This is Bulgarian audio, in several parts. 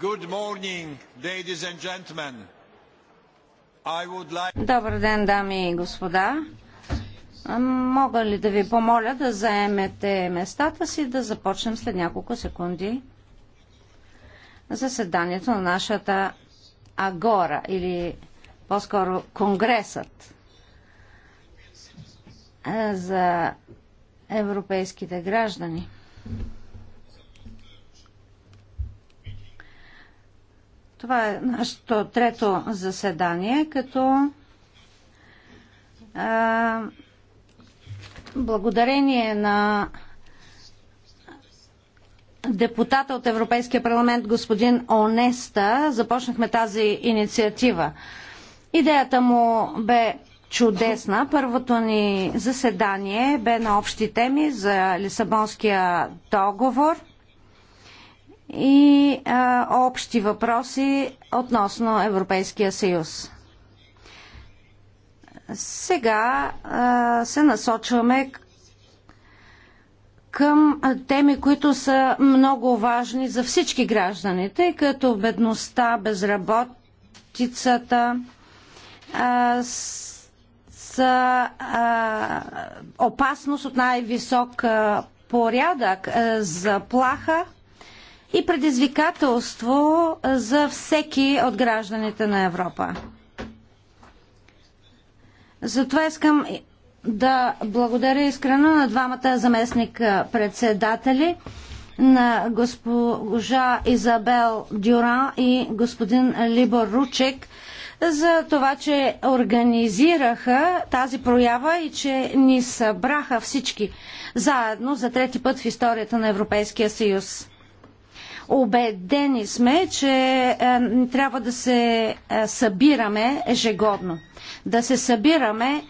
Good morning, ladies and gentlemen. I would like... Добър ден, дами и господа. Мога ли да ви помоля да заемете местата си да започнем след няколко секунди заседанието на нашата Агора или по-скоро Конгресът за европейските граждани. Това е нашето трето заседание, като а, благодарение на депутата от Европейския парламент господин Онеста започнахме тази инициатива. Идеята му бе чудесна. Първото ни заседание бе на общи теми за Лисабонския договор – и а, общи въпроси относно Европейския съюз. Сега а, се насочваме към теми, които са много важни за всички граждани, тъй като бедността, безработицата а, са а, опасност от най-висок порядък, заплаха и предизвикателство за всеки от гражданите на Европа. Затова искам да благодаря искрено на двамата заместник председатели на госпожа Изабел Дюран и господин Либор Ручек за това, че организираха тази проява и че ни събраха всички заедно за трети път в историята на Европейския съюз. Обедени сме, че е, трябва да се е, събираме ежегодно. Да се събираме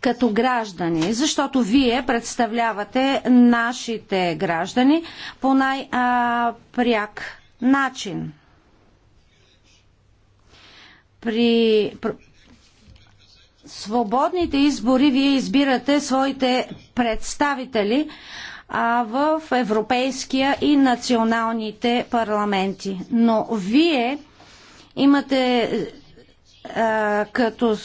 като граждани, защото вие представлявате нашите граждани по най-пряк начин. При свободните избори вие избирате своите представители, а, в европейския и националните парламенти. Но вие имате а, е, като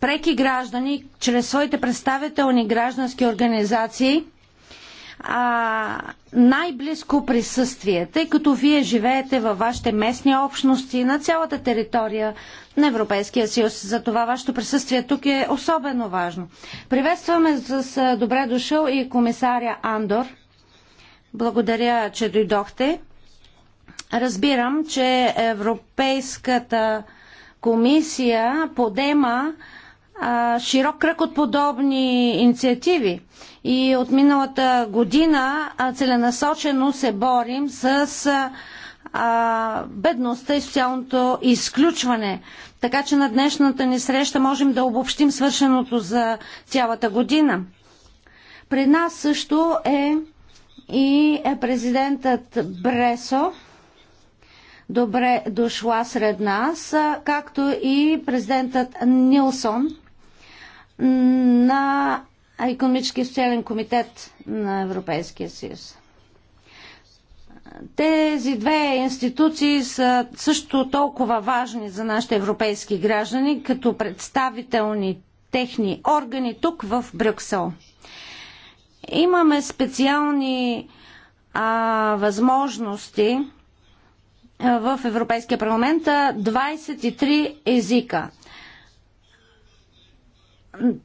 преки граждани, чрез своите представителни граждански организации, най-близко присъствие, тъй като вие живеете във вашите местни общности на цялата територия на Европейския съюз. Затова вашето присъствие тук е особено важно. Приветстваме с добре дошъл и комисаря Андор. Благодаря, че дойдохте. Разбирам, че Европейската комисия подема широк кръг от подобни инициативи. И от миналата година целенасочено се борим с бедността и социалното изключване. Така че на днешната ни среща можем да обобщим свършеното за цялата година. При нас също е и президентът Бресо. Добре дошла сред нас, както и президентът Нилсон – на економически и социален комитет на Европейския съюз. Тези две институции са също толкова важни за нашите европейски граждани, като представителни техни органи тук в Брюксел. Имаме специални а, възможности в Европейския парламент 23 езика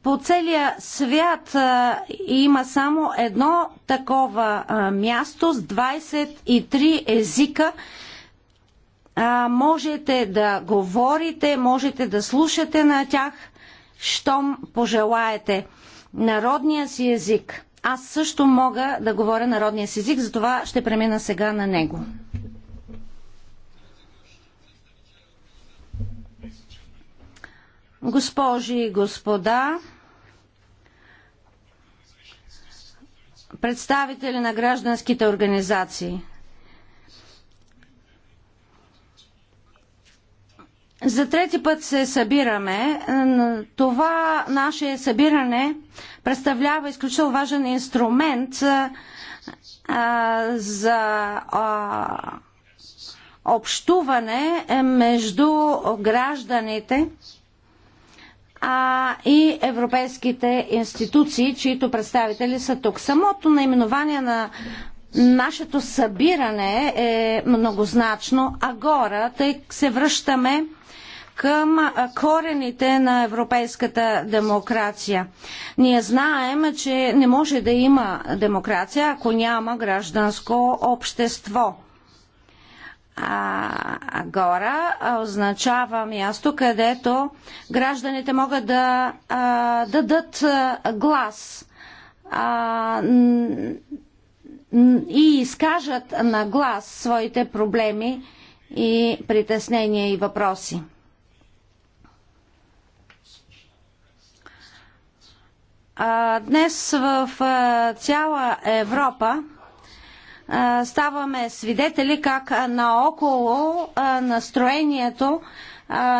по целия свят а, има само едно такова а, място с 23 езика. А, можете да говорите, можете да слушате на тях, щом пожелаете. Народния си език. Аз също мога да говоря народния си език, затова ще премина сега на него. Госпожи и господа, представители на гражданските организации, За трети път се събираме. Това наше събиране представлява изключително важен инструмент а, за а, общуване между гражданите а, и европейските институции, чието представители са тук. Самото наименование на нашето събиране е многозначно Агора, тъй се връщаме към корените на европейската демокрация. Ние знаем, че не може да има демокрация, ако няма гражданско общество а, гора означава място, където гражданите могат да а, дадат а, глас а, и изкажат на глас своите проблеми и притеснения и въпроси. А, днес в а, цяла Европа ставаме свидетели как наоколо настроението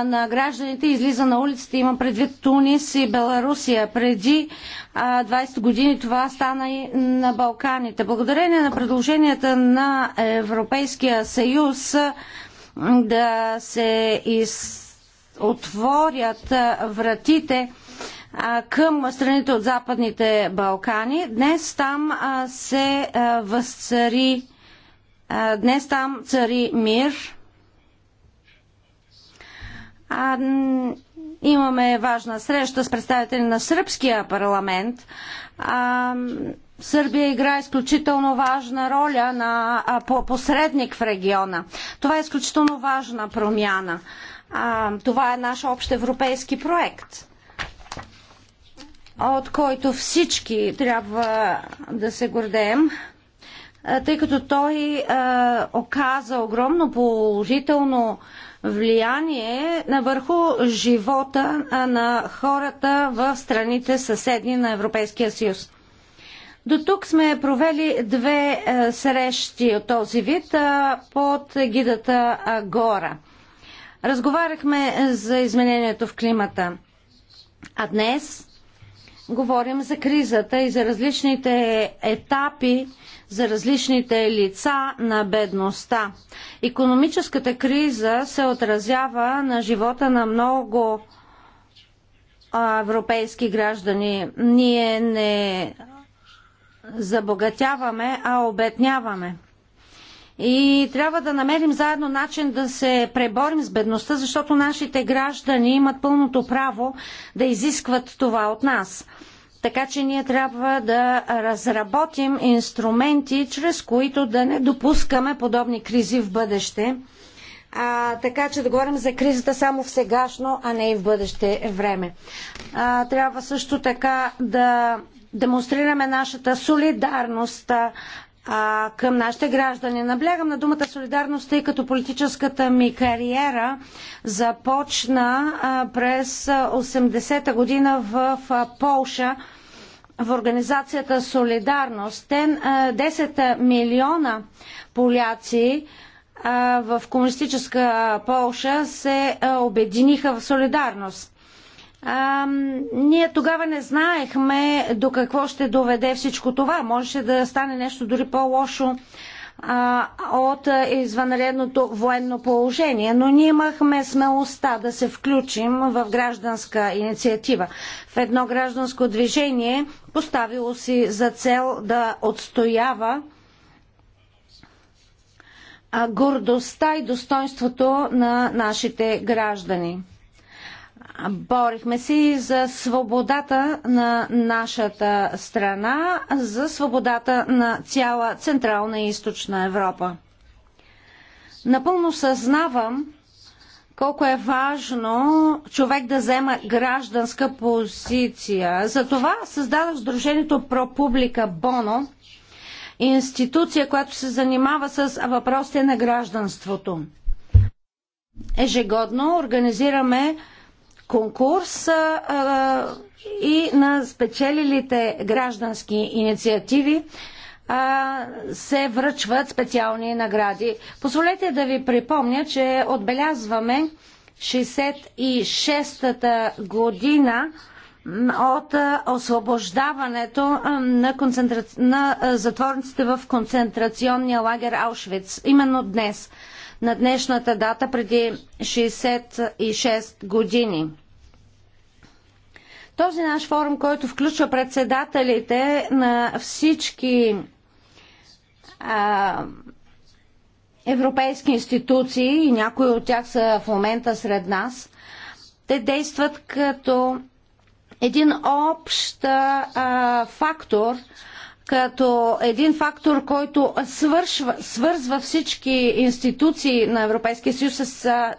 на гражданите излиза на улицата Има предвид Тунис и Беларусия. Преди 20 години това стана и на Балканите. Благодарение на предложенията на Европейския съюз да се из... отворят вратите към страните от Западните Балкани. Днес там се възцари, днес там цари мир. Имаме важна среща с представители на сръбския парламент. Сърбия играе изключително важна роля на посредник в региона. Това е изключително важна промяна. Това е наш общ европейски проект от който всички трябва да се гордеем, тъй като той а, оказа огромно положително влияние върху живота на хората в страните съседни на Европейския съюз. До тук сме провели две а, срещи от този вид а, под гидата Гора. Разговаряхме за изменението в климата. А днес говорим за кризата и за различните етапи, за различните лица на бедността. Економическата криза се отразява на живота на много европейски граждани. Ние не забогатяваме, а обедняваме и трябва да намерим заедно начин да се преборим с бедността, защото нашите граждани имат пълното право да изискват това от нас. Така че ние трябва да разработим инструменти, чрез които да не допускаме подобни кризи в бъдеще. А, така че да говорим за кризата само в сегашно, а не и в бъдеще време. А, трябва също така да демонстрираме нашата солидарност а, към нашите граждани. Наблягам на думата солидарност, тъй като политическата ми кариера започна а, през 80-та година в а, Полша в организацията Солидарност. Тен, а, 10 милиона поляци а, в комунистическа Полша се а, обединиха в солидарност. А, ние тогава не знаехме до какво ще доведе всичко това. Можеше да стане нещо дори по-лошо от извънредното военно положение, но ние имахме смелостта да се включим в гражданска инициатива, в едно гражданско движение, поставило си за цел да отстоява гордостта и достоинството на нашите граждани. Борихме се за свободата на нашата страна, за свободата на цяла Централна и Източна Европа. Напълно съзнавам колко е важно човек да взема гражданска позиция. Затова създадох Сдружението Пропублика Боно, институция, която се занимава с въпросите на гражданството. Ежегодно организираме конкурс а, и на спечелилите граждански инициативи а, се връчват специални награди. Позволете да ви припомня, че отбелязваме 66-та година от освобождаването на, концентра... на затворниците в концентрационния лагер Аушвиц. Именно днес – на днешната дата преди 66 години. Този наш форум, който включва председателите на всички а, европейски институции, и някои от тях са в момента сред нас, те действат като един общ а, фактор, като един фактор, който свършва, свързва всички институции на Европейския съюз с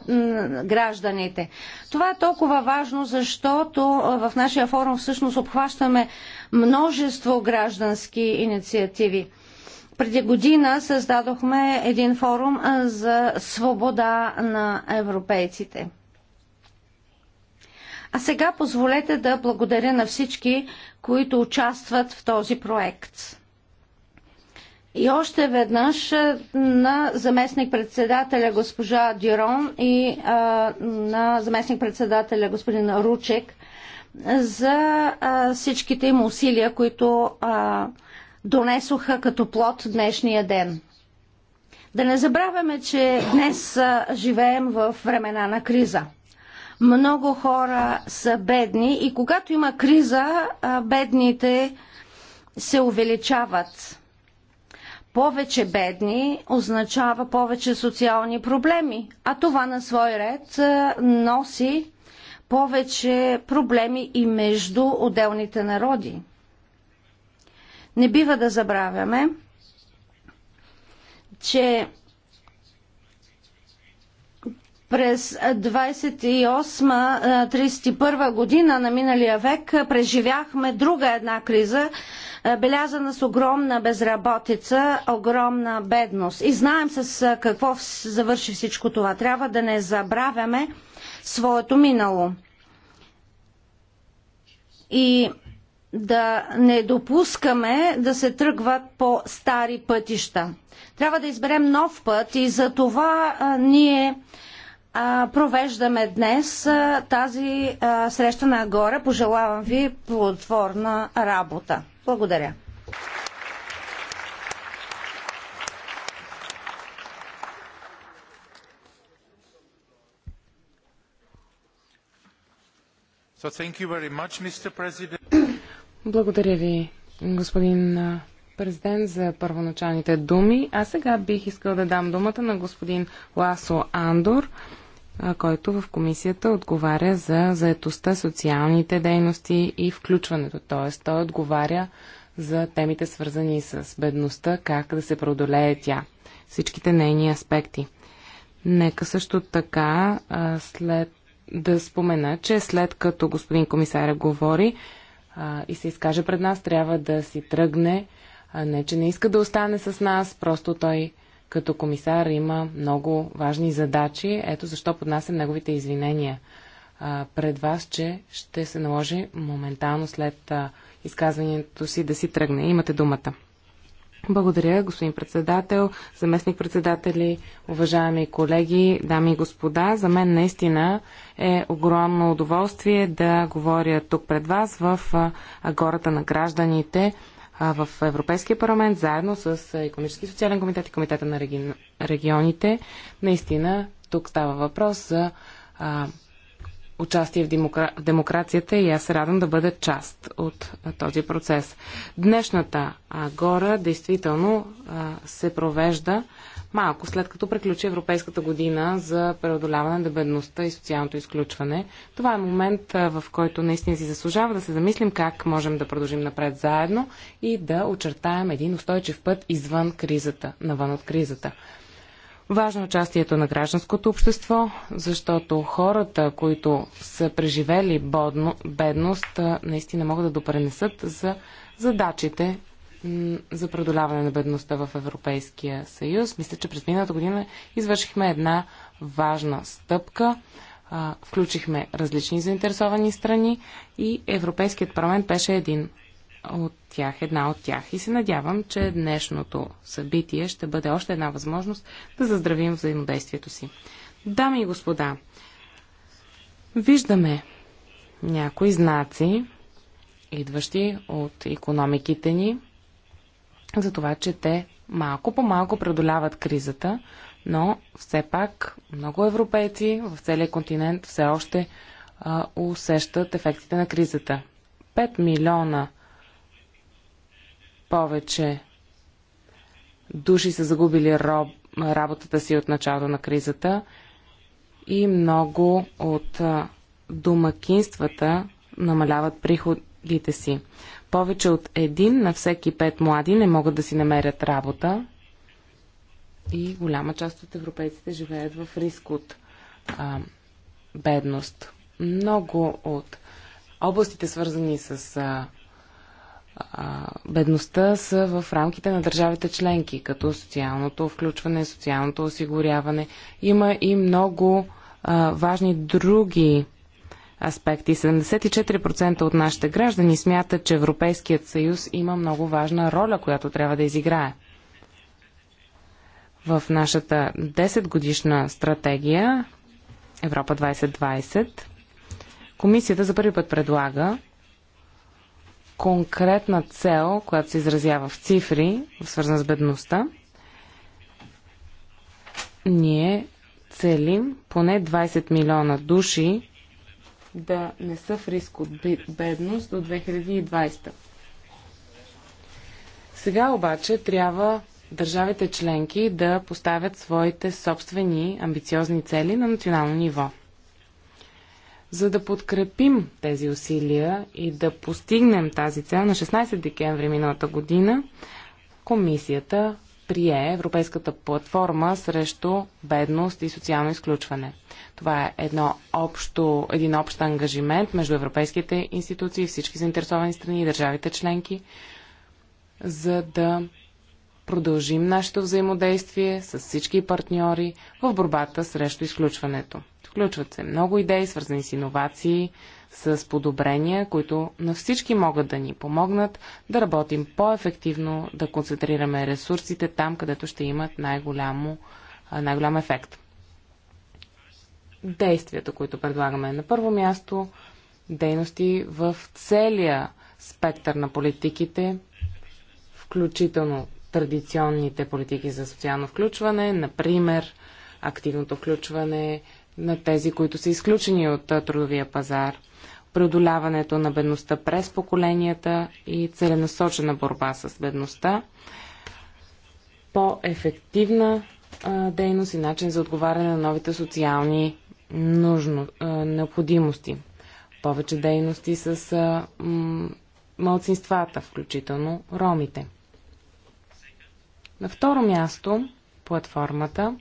гражданите. Това е толкова важно, защото в нашия форум всъщност обхващаме множество граждански инициативи. Преди година създадохме един форум за свобода на европейците. А сега позволете да благодаря на всички, които участват в този проект. И още веднъж е, на заместник-председателя госпожа Дюрон и а, е, на заместник-председателя господин Ручек за а, е, всичките им усилия, които а, донесоха като плод днешния ден. Да не забравяме, че днес живеем в времена на криза – много хора са бедни и когато има криза, бедните се увеличават. Повече бедни означава повече социални проблеми, а това на свой ред носи повече проблеми и между отделните народи. Не бива да забравяме, че през 28-31 година на миналия век преживяхме друга една криза, белязана с огромна безработица, огромна бедност. И знаем с какво завърши всичко това. Трябва да не забравяме своето минало. И да не допускаме да се тръгват по стари пътища. Трябва да изберем нов път и за това а, ние провеждаме днес тази среща на Агора. Пожелавам ви плодотворна работа. Благодаря. So much, Благодаря ви, господин президент, за първоначалните думи. А сега бих искал да дам думата на господин Ласо Андор който в комисията отговаря за заетостта, социалните дейности и включването. Т.е. той отговаря за темите свързани с бедността, как да се преодолее тя, всичките нейни аспекти. Нека също така а, след да спомена, че след като господин комисаря говори а, и се изкаже пред нас, трябва да си тръгне. А, не, че не иска да остане с нас, просто той като комисар има много важни задачи. Ето защо поднасям неговите извинения а, пред вас, че ще се наложи моментално след а, изказването си да си тръгне. Имате думата. Благодаря, господин председател, заместник председатели, уважаеми колеги, дами и господа. За мен наистина е огромно удоволствие да говоря тук пред вас в агората на гражданите в Европейския парламент, заедно с Економически и социален комитет и Комитета на реги... регионите. Наистина, тук става въпрос за а, участие в, демокра... в демокрацията и аз се радвам да бъда част от а, този процес. Днешната а, гора действително а, се провежда малко след като приключи Европейската година за преодоляване на бедността и социалното изключване. Това е момент, в който наистина си заслужава да се замислим как можем да продължим напред заедно и да очертаем един устойчив път извън кризата, навън от кризата. Важно е участието на гражданското общество, защото хората, които са преживели бодно, бедност, наистина могат да допренесат за задачите за преодоляване на бедността в Европейския съюз. Мисля, че през миналата година извършихме една важна стъпка. включихме различни заинтересовани страни и Европейският парламент беше един от тях, една от тях. И се надявам, че днешното събитие ще бъде още една възможност да заздравим взаимодействието си. Дами и господа, виждаме някои знаци, идващи от економиките ни, за това, че те малко по малко преодоляват кризата, но все пак много европейци в целия континент все още а, усещат ефектите на кризата. 5 милиона повече души са загубили роб, работата си от началото на кризата и много от домакинствата намаляват приходите си. Повече от един на всеки пет млади не могат да си намерят работа и голяма част от европейците живеят в риск от а, бедност. Много от областите, свързани с а, а, бедността, са в рамките на държавите членки, като социалното включване, социалното осигуряване. Има и много а, важни други аспекти. 74% от нашите граждани смятат, че Европейският съюз има много важна роля, която трябва да изиграе. В нашата 10-годишна стратегия Европа 2020 комисията за първи път предлага конкретна цел, която се изразява в цифри, свързана с бедността, ние целим поне 20 милиона души да не са в риск от бедност до 2020. Сега обаче трябва държавите членки да поставят своите собствени амбициозни цели на национално ниво. За да подкрепим тези усилия и да постигнем тази цел на 16 декември миналата година, комисията прие Европейската платформа срещу бедност и социално изключване. Това е едно общо, един общ ангажимент между европейските институции, всички заинтересовани страни и държавите членки, за да продължим нашето взаимодействие с всички партньори в борбата срещу изключването. Включват се много идеи, свързани с иновации, с подобрения, които на всички могат да ни помогнат да работим по-ефективно, да концентрираме ресурсите там, където ще имат най най-голям ефект. Действията, които предлагаме на първо място, дейности в целия спектър на политиките, включително традиционните политики за социално включване, например активното включване на тези, които са изключени от трудовия пазар – преодоляването на бедността през поколенията и целенасочена борба с бедността, по-ефективна дейност и начин за отговаряне на новите социални нужно, а, необходимости. Повече дейности с а, м, малцинствата, включително ромите. На второ място, платформата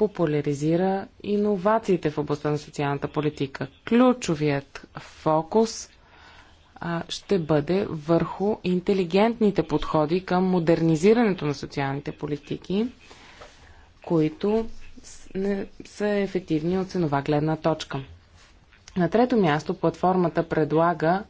популяризира иновациите в областта на социалната политика. Ключовият фокус а, ще бъде върху интелигентните подходи към модернизирането на социалните политики, които не са ефективни от ценова гледна точка. На трето място платформата предлага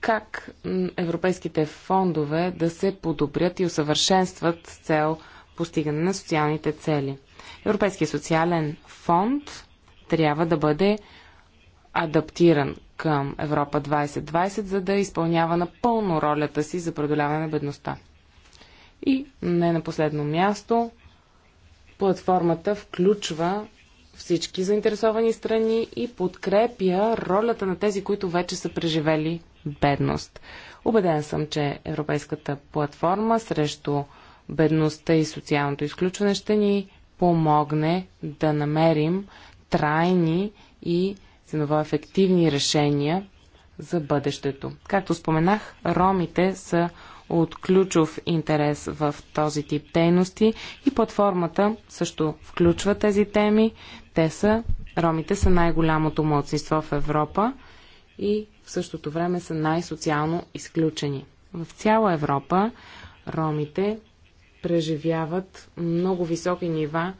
как европейските фондове да се подобрят и усъвършенстват с цел – постигане на социалните цели. Европейския социален фонд трябва да бъде адаптиран към Европа 2020, за да изпълнява напълно ролята си за преодоляване на бедността. И не на последно място, платформата включва всички заинтересовани страни и подкрепя ролята на тези, които вече са преживели бедност. Обеден съм, че Европейската платформа срещу бедността и социалното изключване, ще ни помогне да намерим трайни и ценово ефективни решения за бъдещето. Както споменах, ромите са от ключов интерес в този тип дейности и платформата също включва тези теми. Те са, ромите са най-голямото младсинство в Европа и в същото време са най-социално изключени. В цяла Европа ромите преживяват много високи нива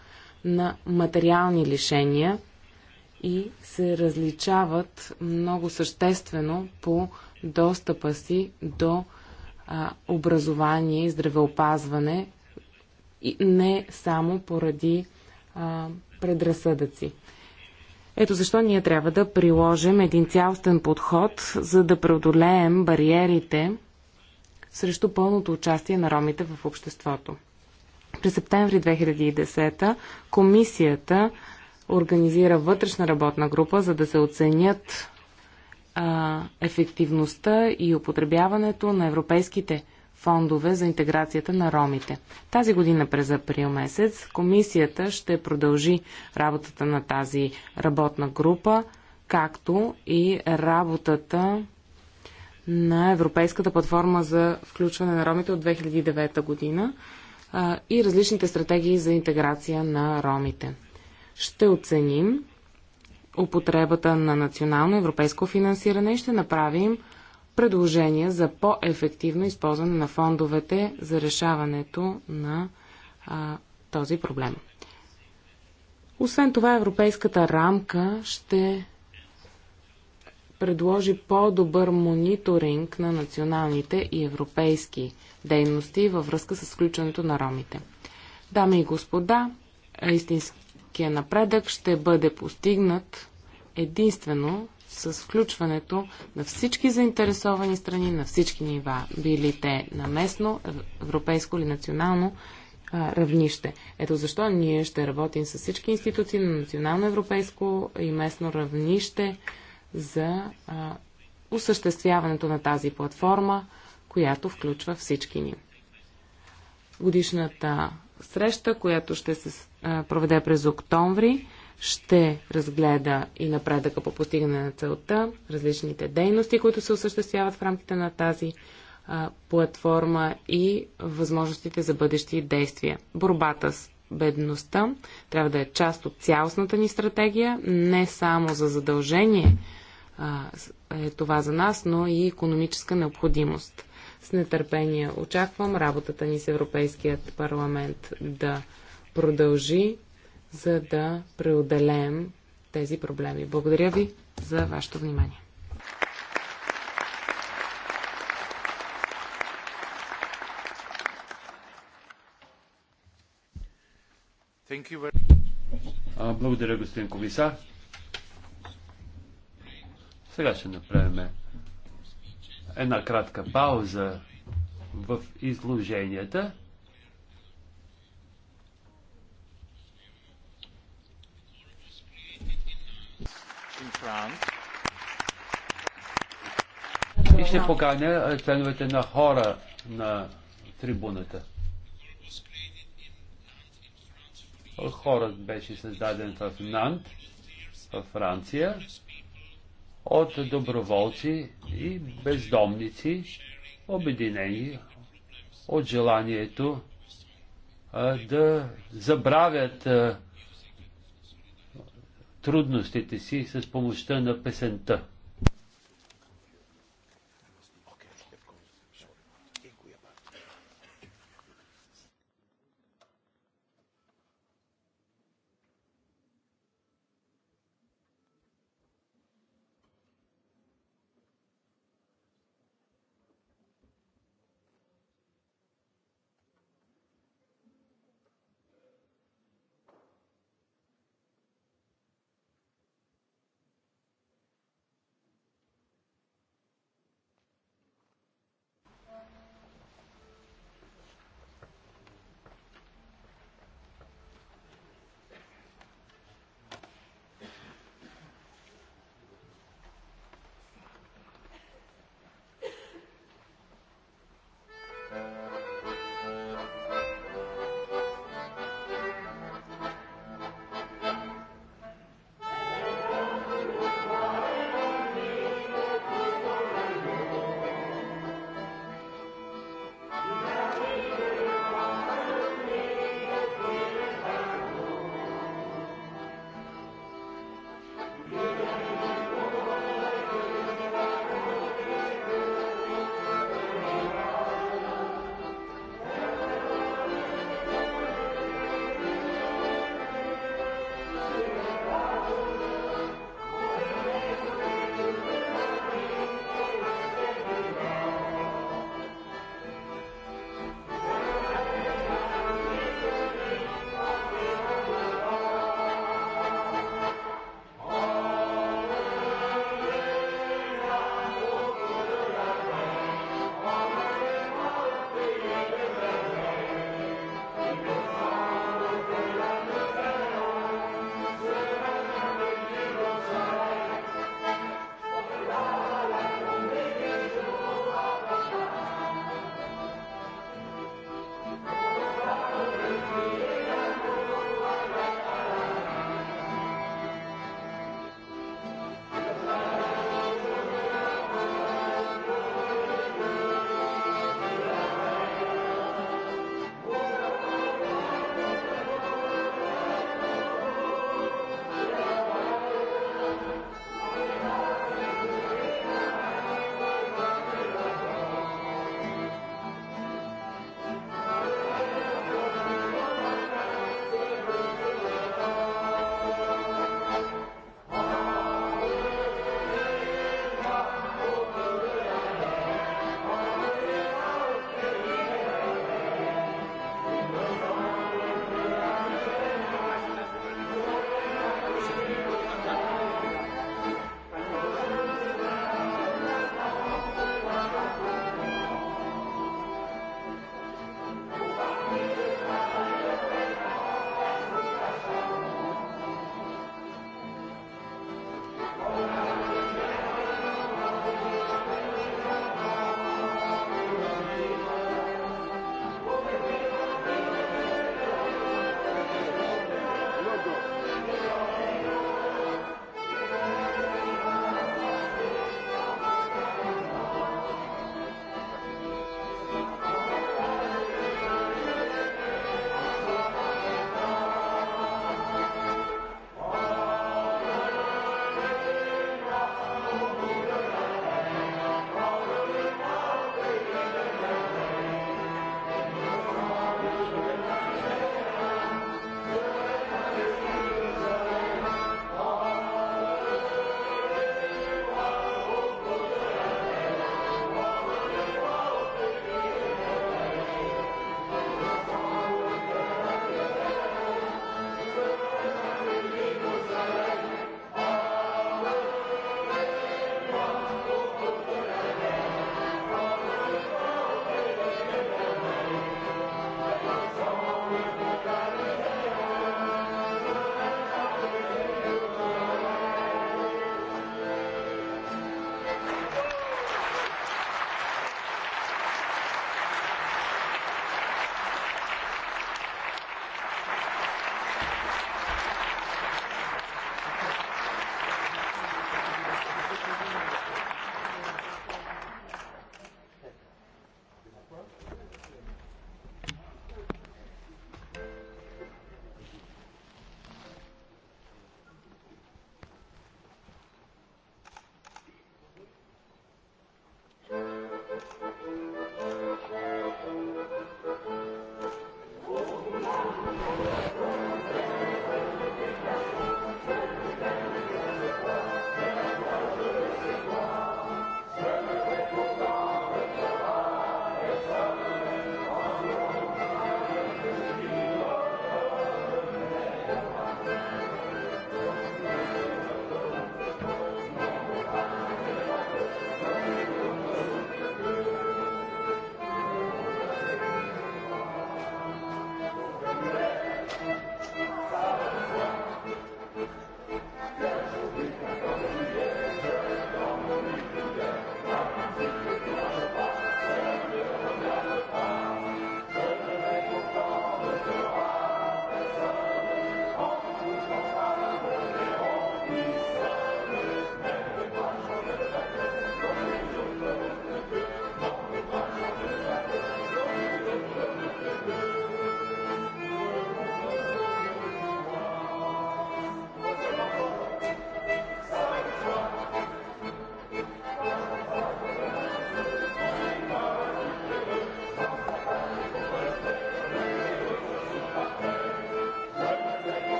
на материални лишения и се различават много съществено по достъпа си до а, образование и здравеопазване, и не само поради а, предразсъдъци. Ето защо ние трябва да приложим един цялостен подход, за да преодолеем бариерите, срещу пълното участие на ромите в обществото. През септември 2010 комисията организира вътрешна работна група, за да се оценят а, ефективността и употребяването на европейските фондове за интеграцията на ромите. Тази година през април месец комисията ще продължи работата на тази работна група, както и работата на Европейската платформа за включване на ромите от 2009 година а, и различните стратегии за интеграция на ромите. Ще оценим употребата на национално европейско финансиране и ще направим предложения за по-ефективно използване на фондовете за решаването на а, този проблем. Освен това, европейската рамка ще предложи по-добър мониторинг на националните и европейски дейности във връзка с включването на ромите. Дами и господа, истинския напредък ще бъде постигнат единствено с включването на всички заинтересовани страни на всички нива, били те на местно, европейско или национално а, равнище. Ето защо ние ще работим с всички институции на национално, европейско и местно равнище, за а, осъществяването на тази платформа, която включва всички ни. Годишната среща, която ще се проведе през октомври, ще разгледа и напредъка по постигане на целта, различните дейности, които се осъществяват в рамките на тази а, платформа и възможностите за бъдещи действия. Борбата с бедността трябва да е част от цялостната ни стратегия, не само за задължение е това за нас, но и економическа необходимост. С нетърпение очаквам работата ни с Европейският парламент да продължи, за да преодолеем тези проблеми. Благодаря ви за вашето внимание. Благодаря, господин комисар. Сега ще направим една кратка пауза в изложенията. И ще поканя членовете на хора на трибуната. Хорът беше създаден в Нант, в Франция от доброволци и бездомници, обединени от желанието да забравят трудностите си с помощта на песента.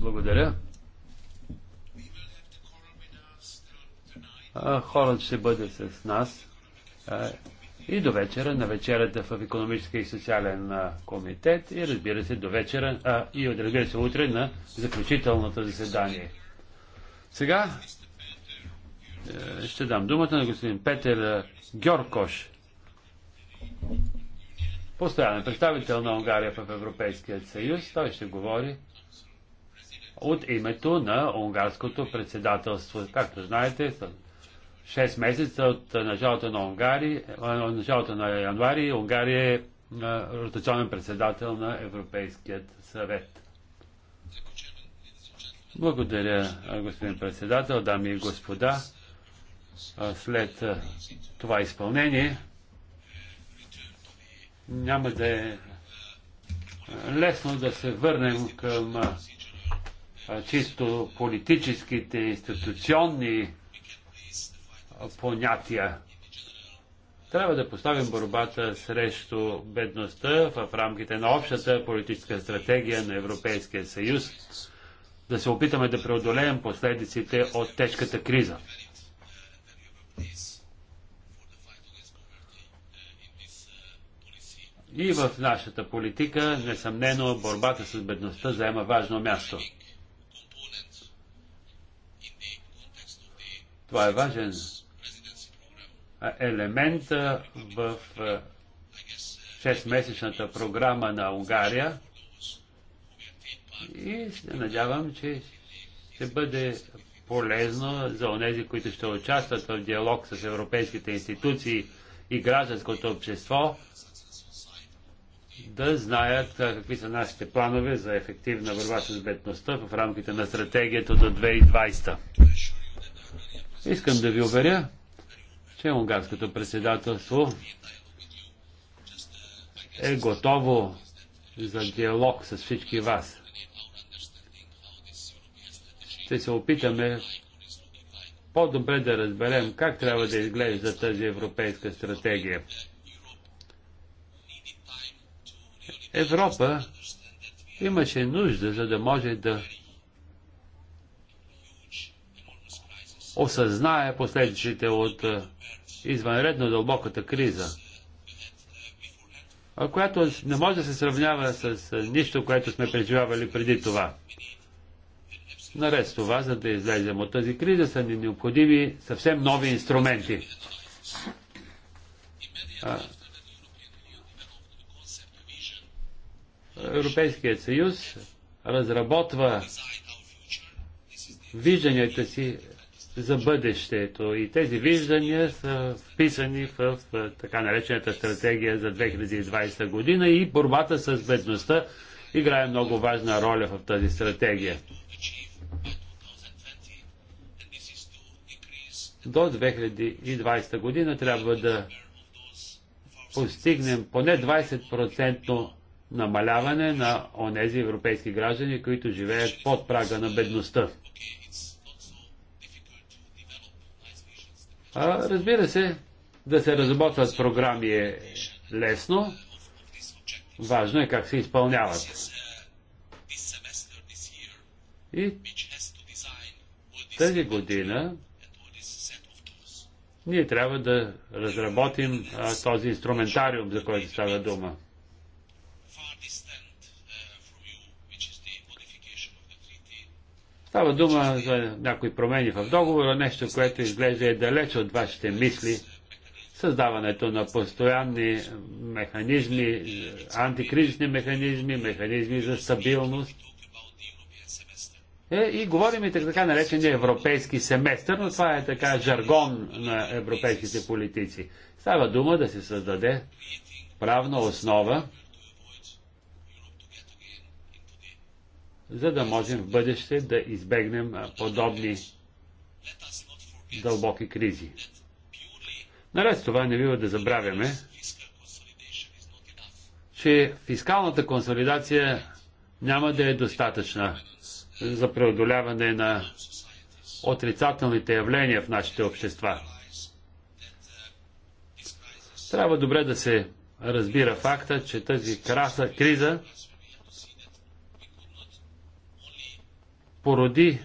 Благодаря. Хорът ще бъде с нас и до вечера на вечерата в економически и социален комитет и разбира се до вечера а, и разбира се утре на заключителното заседание. Сега е, ще дам думата на господин Петър Георкош постоянен представител на Унгария в Европейския съюз. Той ще говори от името на унгарското председателство. Както знаете, 6 месеца от началото на, Унгари, началото на януари Унгария е ротационен председател на Европейският съвет. Благодаря, господин председател, дами и господа. След това изпълнение няма да е лесно да се върнем към чисто политическите, институционни понятия. Трябва да поставим борбата срещу бедността в рамките на общата политическа стратегия на Европейския съюз, да се опитаме да преодолеем последиците от тежката криза. И в нашата политика, несъмнено, борбата с бедността заема важно място. Това е важен елемент в 6-месечната програма на Унгария и се надявам, че ще бъде полезно за онези, които ще участват в диалог с европейските институции и гражданското общество, да знаят какви са нашите планове за ефективна борба с бедността в рамките на стратегията до 2020. Искам да ви уверя, че унгарското председателство е готово за диалог с всички вас. Ще се опитаме по-добре да разберем как трябва да изглежда тази европейска стратегия. Европа имаше нужда, за да може да осъзнае последиците от извънредно дълбоката криза, която не може да се сравнява с нищо, което сме преживявали преди това. Наред с това, за да излезем от тази криза, са ни необходими съвсем нови инструменти. Европейският съюз разработва вижданията си за бъдещето. И тези виждания са вписани в така наречената стратегия за 2020 година и борбата с бедността играе много важна роля в тази стратегия. До 2020 година трябва да постигнем поне 20% намаляване на онези европейски граждани, които живеят под прага на бедността. А, разбира се, да се разработват програми е лесно. Важно е как се изпълняват. И тази година ние трябва да разработим а, този инструментариум, за който става дума. Става дума за някои промени в договора, нещо, което изглежда е далеч от вашите мисли. Създаването на постоянни механизми, антикризисни механизми, механизми за стабилност. Е, и говорим и така наречения европейски семестър, но това е така жаргон на европейските политици. Става дума да се създаде правна основа, за да можем в бъдеще да избегнем подобни дълбоки кризи. Наред с това не бива да забравяме, че фискалната консолидация няма да е достатъчна за преодоляване на отрицателните явления в нашите общества. Трябва добре да се разбира факта, че тази краса, криза породи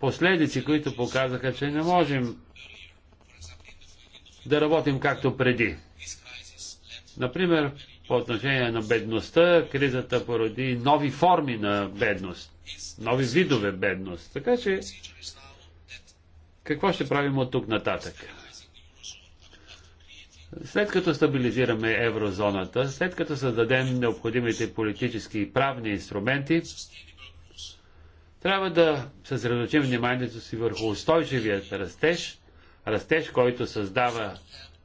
последици, които показаха, че не можем да работим както преди. Например, по отношение на бедността, кризата породи нови форми на бедност, нови видове бедност. Така че, какво ще правим от тук нататък? След като стабилизираме еврозоната, след като създадем необходимите политически и правни инструменти, трябва да съсредоточим вниманието си върху устойчивият растеж, растеж, който създава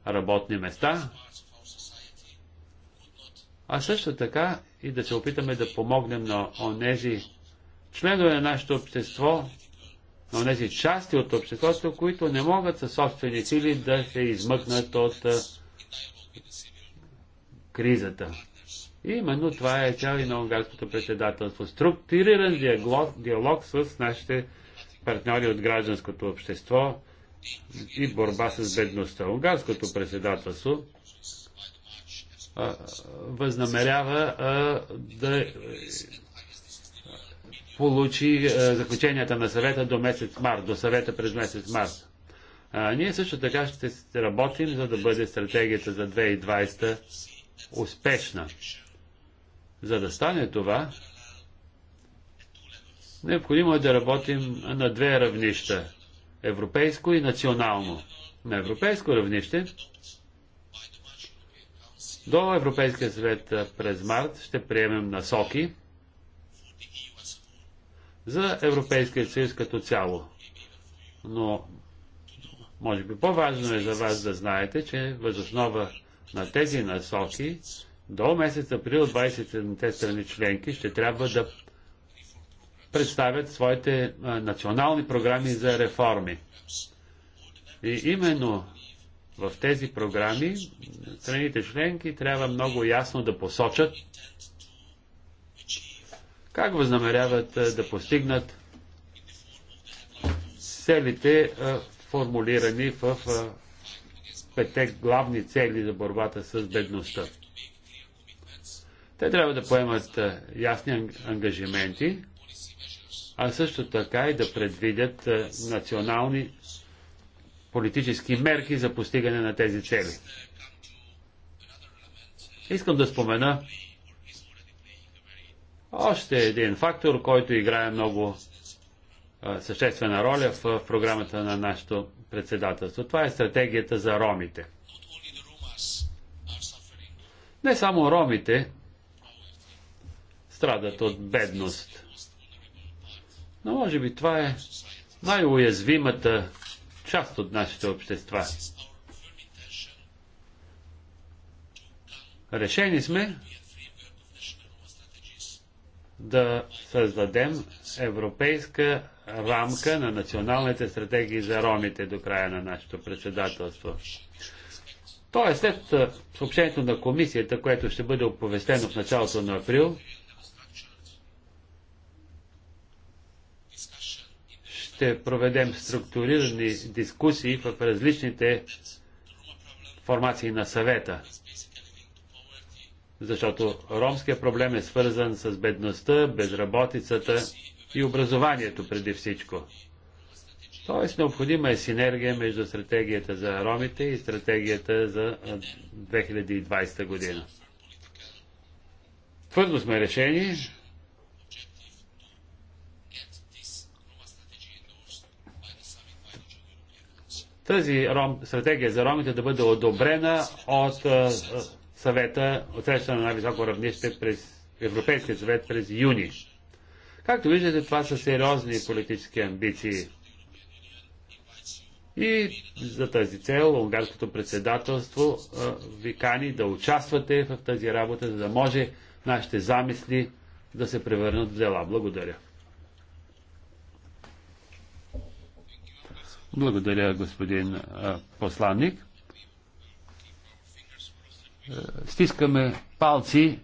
работни места, а също така и да се опитаме да помогнем на онези членове на нашето общество, на тези части от обществото, които не могат със собствени сили да се измъкнат от кризата. И именно това е цел и на унгарското председателство. Структуриран диалог, диалог с нашите партньори от гражданското общество и борба с бедността. Унгарското председателство а, възнамерява а, да получи а, заключенията на съвета до месец март, до съвета през месец март. А, ние също така ще работим, за да бъде стратегията за 2020 успешна. За да стане това, необходимо е да работим на две равнища европейско и национално. На европейско равнище до Европейския съвет през март ще приемем насоки за Европейския съюз като цяло. Но може би по-важно е за вас да знаете, че възоснова на тези насоки до месец април 27-те страни членки ще трябва да представят своите национални програми за реформи. И именно в тези програми страните членки трябва много ясно да посочат как възнамеряват да постигнат целите, формулирани в пете главни цели за борбата с бедността. Те трябва да поемат ясни ангажименти, а също така и да предвидят национални политически мерки за постигане на тези цели. Искам да спомена още един фактор, който играе много съществена роля в програмата на нашето председателство. Това е стратегията за ромите. Не само ромите страдат от бедност. Но може би това е най-уязвимата част от нашите общества. Решени сме да създадем европейска рамка на националните стратегии за ромите до края на нашето председателство. Тоест, след съобщението на комисията, което ще бъде оповестено в началото на април, ще проведем структурирани дискусии в различните формации на съвета. Защото ромския проблем е свързан с бедността, безработицата и образованието преди всичко. Тоест необходима е синергия между стратегията за ромите и стратегията за 2020 година. Твърдо сме решени тази ром, стратегия за ромите да бъде одобрена от а, съвета, от среща на най-високо равнище през Европейския съвет през юни. Както виждате, това са сериозни политически амбиции. И за тази цел унгарското председателство а, ви кани да участвате в тази работа, за да може нашите замисли да се превърнат в дела. Благодаря. Благодаря, господин посланник. Е, стискаме палци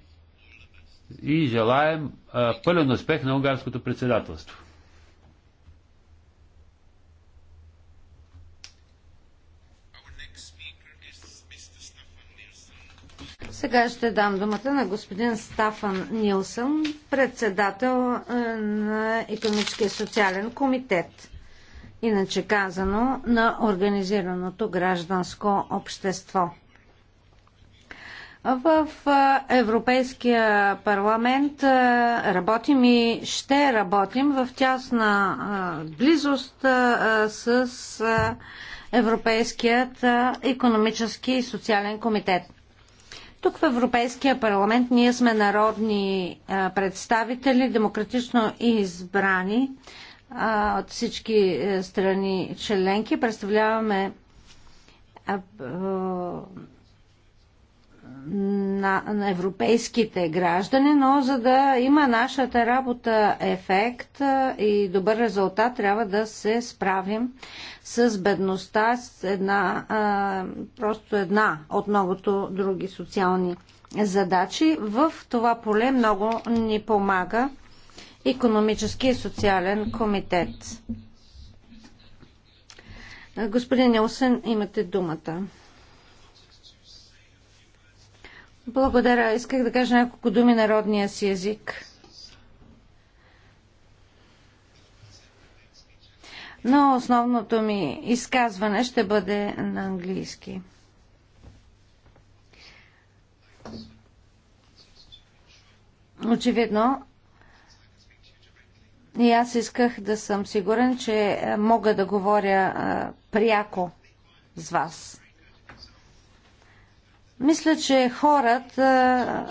и желаем пълен успех на унгарското председателство. Сега ще дам думата на господин Стафан Нилсън, председател е, на Економическия социален комитет иначе казано, на организираното гражданско общество. В Европейския парламент работим и ще работим в тясна близост с Европейският економически и социален комитет. Тук в Европейския парламент ние сме народни представители, демократично избрани от всички е, страни членки. Представляваме е, на, европейските граждани, но за да има нашата работа ефект е, и добър резултат, трябва да се справим с бедността, с една, просто една от многото други социални задачи. В това поле много ни помага економически и социален комитет. Господин Нилсен, имате думата. Благодаря. Исках да кажа няколко думи народния си език. Но основното ми изказване ще бъде на английски. Очевидно, и аз исках да съм сигурен, че е, мога да говоря а, е, пряко с вас. Мисля, че хората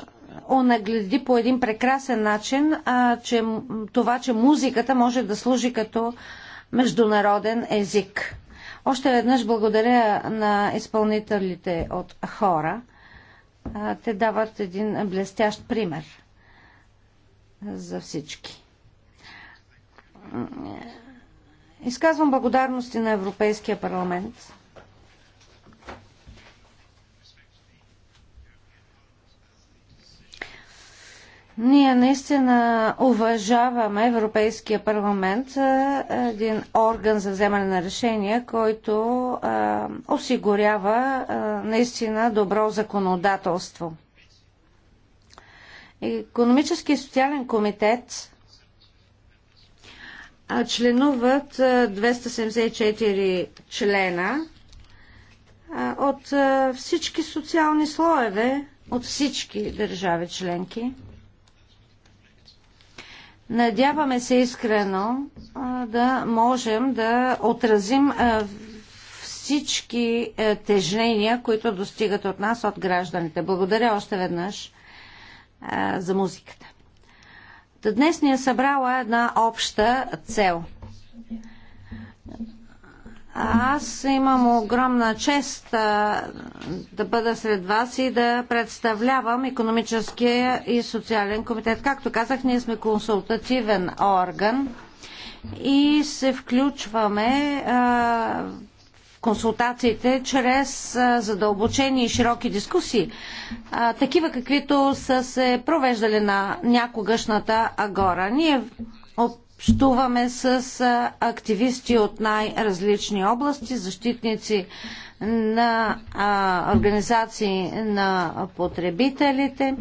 е, онагледи по един прекрасен начин а, че, това, че музиката може да служи като международен език. Още веднъж благодаря на изпълнителите от хора. А, те дават един блестящ пример за всички. Изказвам благодарности на Европейския парламент. Ние наистина уважаваме Европейския парламент, е, един орган за вземане на решения, който а, е, осигурява а, е, наистина добро законодателство. Економически и социален комитет членуват 274 члена от всички социални слоеве, от всички държави членки. Надяваме се искрено да можем да отразим всички тежнения, които достигат от нас, от гражданите. Благодаря още веднъж за музиката. Днес ни е събрала една обща цел. Аз имам огромна чест а, да бъда сред вас и да представлявам економическия и социален комитет. Както казах, ние сме консултативен орган и се включваме а, консултациите чрез задълбочени и широки дискусии, такива каквито са се провеждали на някогашната агора. Ние общуваме с активисти от най-различни области, защитници на организации на потребителите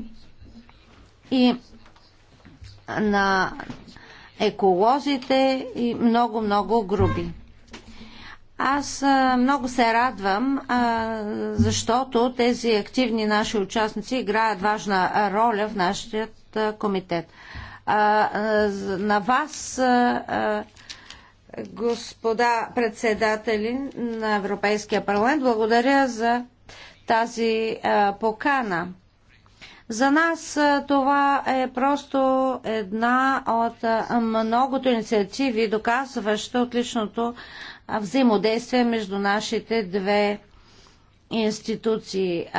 и на еколозите и много-много груби. Аз много се радвам, защото тези активни наши участници играят важна роля в нашия комитет. На вас, господа председатели на Европейския парламент, благодаря за тази покана. За нас това е просто една от многото инициативи, доказващо отличното взаимодействие между нашите две институции.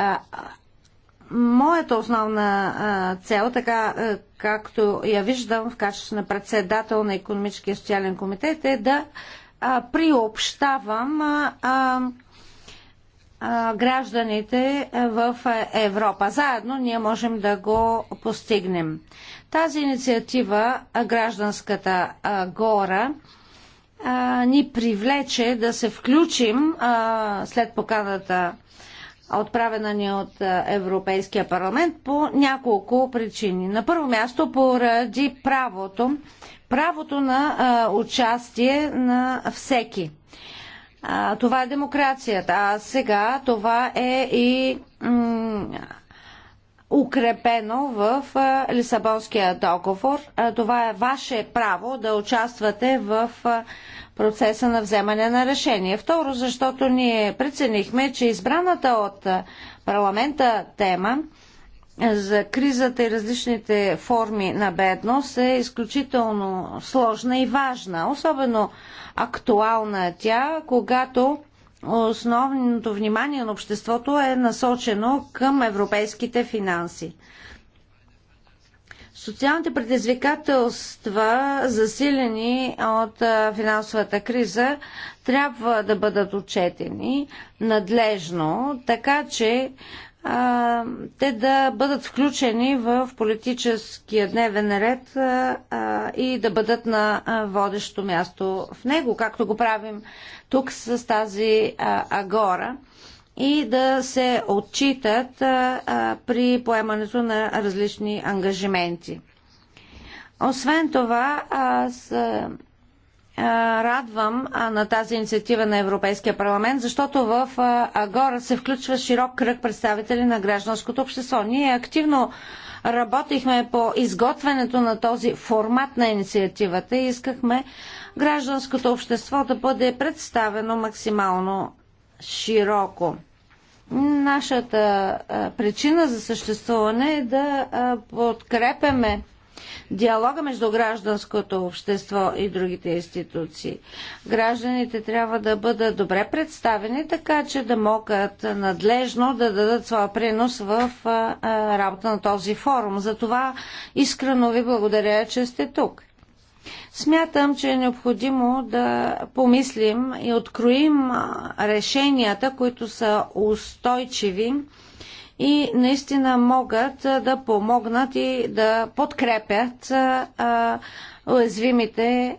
Моята основна цел, така както я виждам в качество на председател на економическия социален комитет, е да приобщавам гражданите в Европа. Заедно ние можем да го постигнем. Тази инициатива, гражданската гора, а, ни привлече да се включим а, след поканата отправена ни от Европейския парламент по няколко причини. На първо място поради правото, правото на а, участие на всеки. А, това е демокрацията, а сега това е и укрепено в Лисабонския договор. Това е ваше право да участвате в процеса на вземане на решение. Второ, защото ние преценихме, че избраната от парламента тема за кризата и различните форми на бедност е изключително сложна и важна. Особено актуална е тя, когато основното внимание на обществото е насочено към европейските финанси. Социалните предизвикателства, засилени от финансовата криза, трябва да бъдат отчетени надлежно, така че а, те да бъдат включени в политическия дневен ред а, и да бъдат на водещо място в него, както го правим тук с тази а, агора и да се отчитат а, а, при поемането на различни ангажименти. Освен това, аз радвам на тази инициатива на Европейския парламент, защото в Агора се включва широк кръг представители на гражданското общество. Ние активно работихме по изготвянето на този формат на инициативата и искахме гражданското общество да бъде представено максимално широко. Нашата причина за съществуване е да подкрепяме диалога между гражданското общество и другите институции. Гражданите трябва да бъдат добре представени, така че да могат надлежно да дадат своя принос в работа на този форум. Затова искрено ви благодаря, че сте тук. Смятам, че е необходимо да помислим и откроим решенията, които са устойчиви и наистина могат да помогнат и да подкрепят уязвимите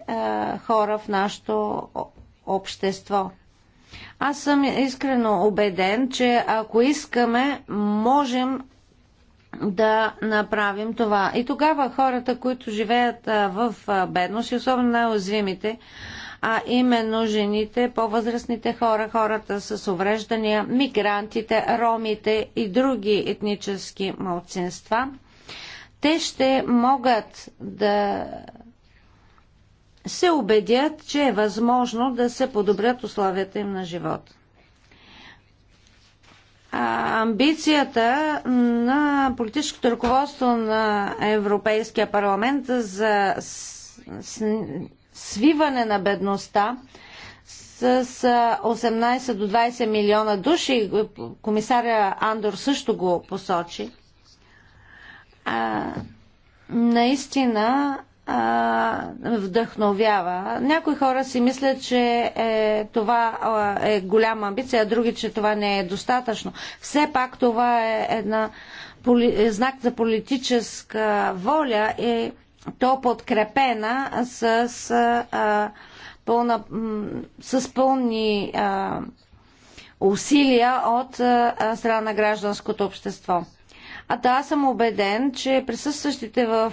хора в нашето общество. Аз съм искрено убеден, че ако искаме, можем да направим това. И тогава хората, които живеят в бедност и особено най-уязвимите, а именно жените, по-възрастните хора, хората с увреждания, мигрантите, ромите и други етнически малцинства, те ще могат да се убедят, че е възможно да се подобрят условията им на живота амбицията на политическото ръководство на Европейския парламент за свиване на бедността с 18 до 20 милиона души. Комисаря Андор също го посочи. А, наистина вдъхновява. Някои хора си мислят, че е, това е голяма амбиция, а други, че това не е достатъчно. Все пак това е една поли, знак за политическа воля и то подкрепена с, с, а, пълна, с пълни а, усилия от а, страна на гражданското общество. А да, съм убеден, че присъстващите в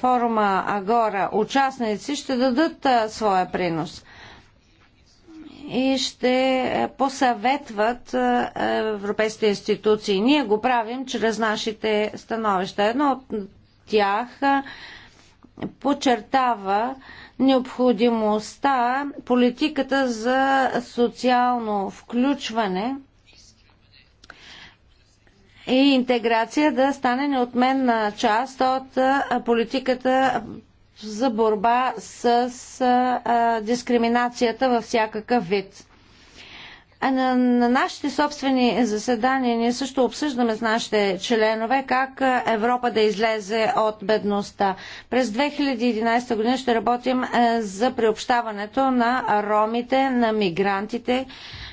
форума Агора участници ще дадат своя принос и ще посъветват европейските институции. Ние го правим чрез нашите становища. Едно от тях подчертава необходимостта политиката за социално включване – и интеграция да стане неотменна част от политиката за борба с дискриминацията във всякакъв вид. На, на нашите собствени заседания ние също обсъждаме с нашите членове как Европа да излезе от бедността. През 2011 година ще работим за приобщаването на ромите, на мигрантите,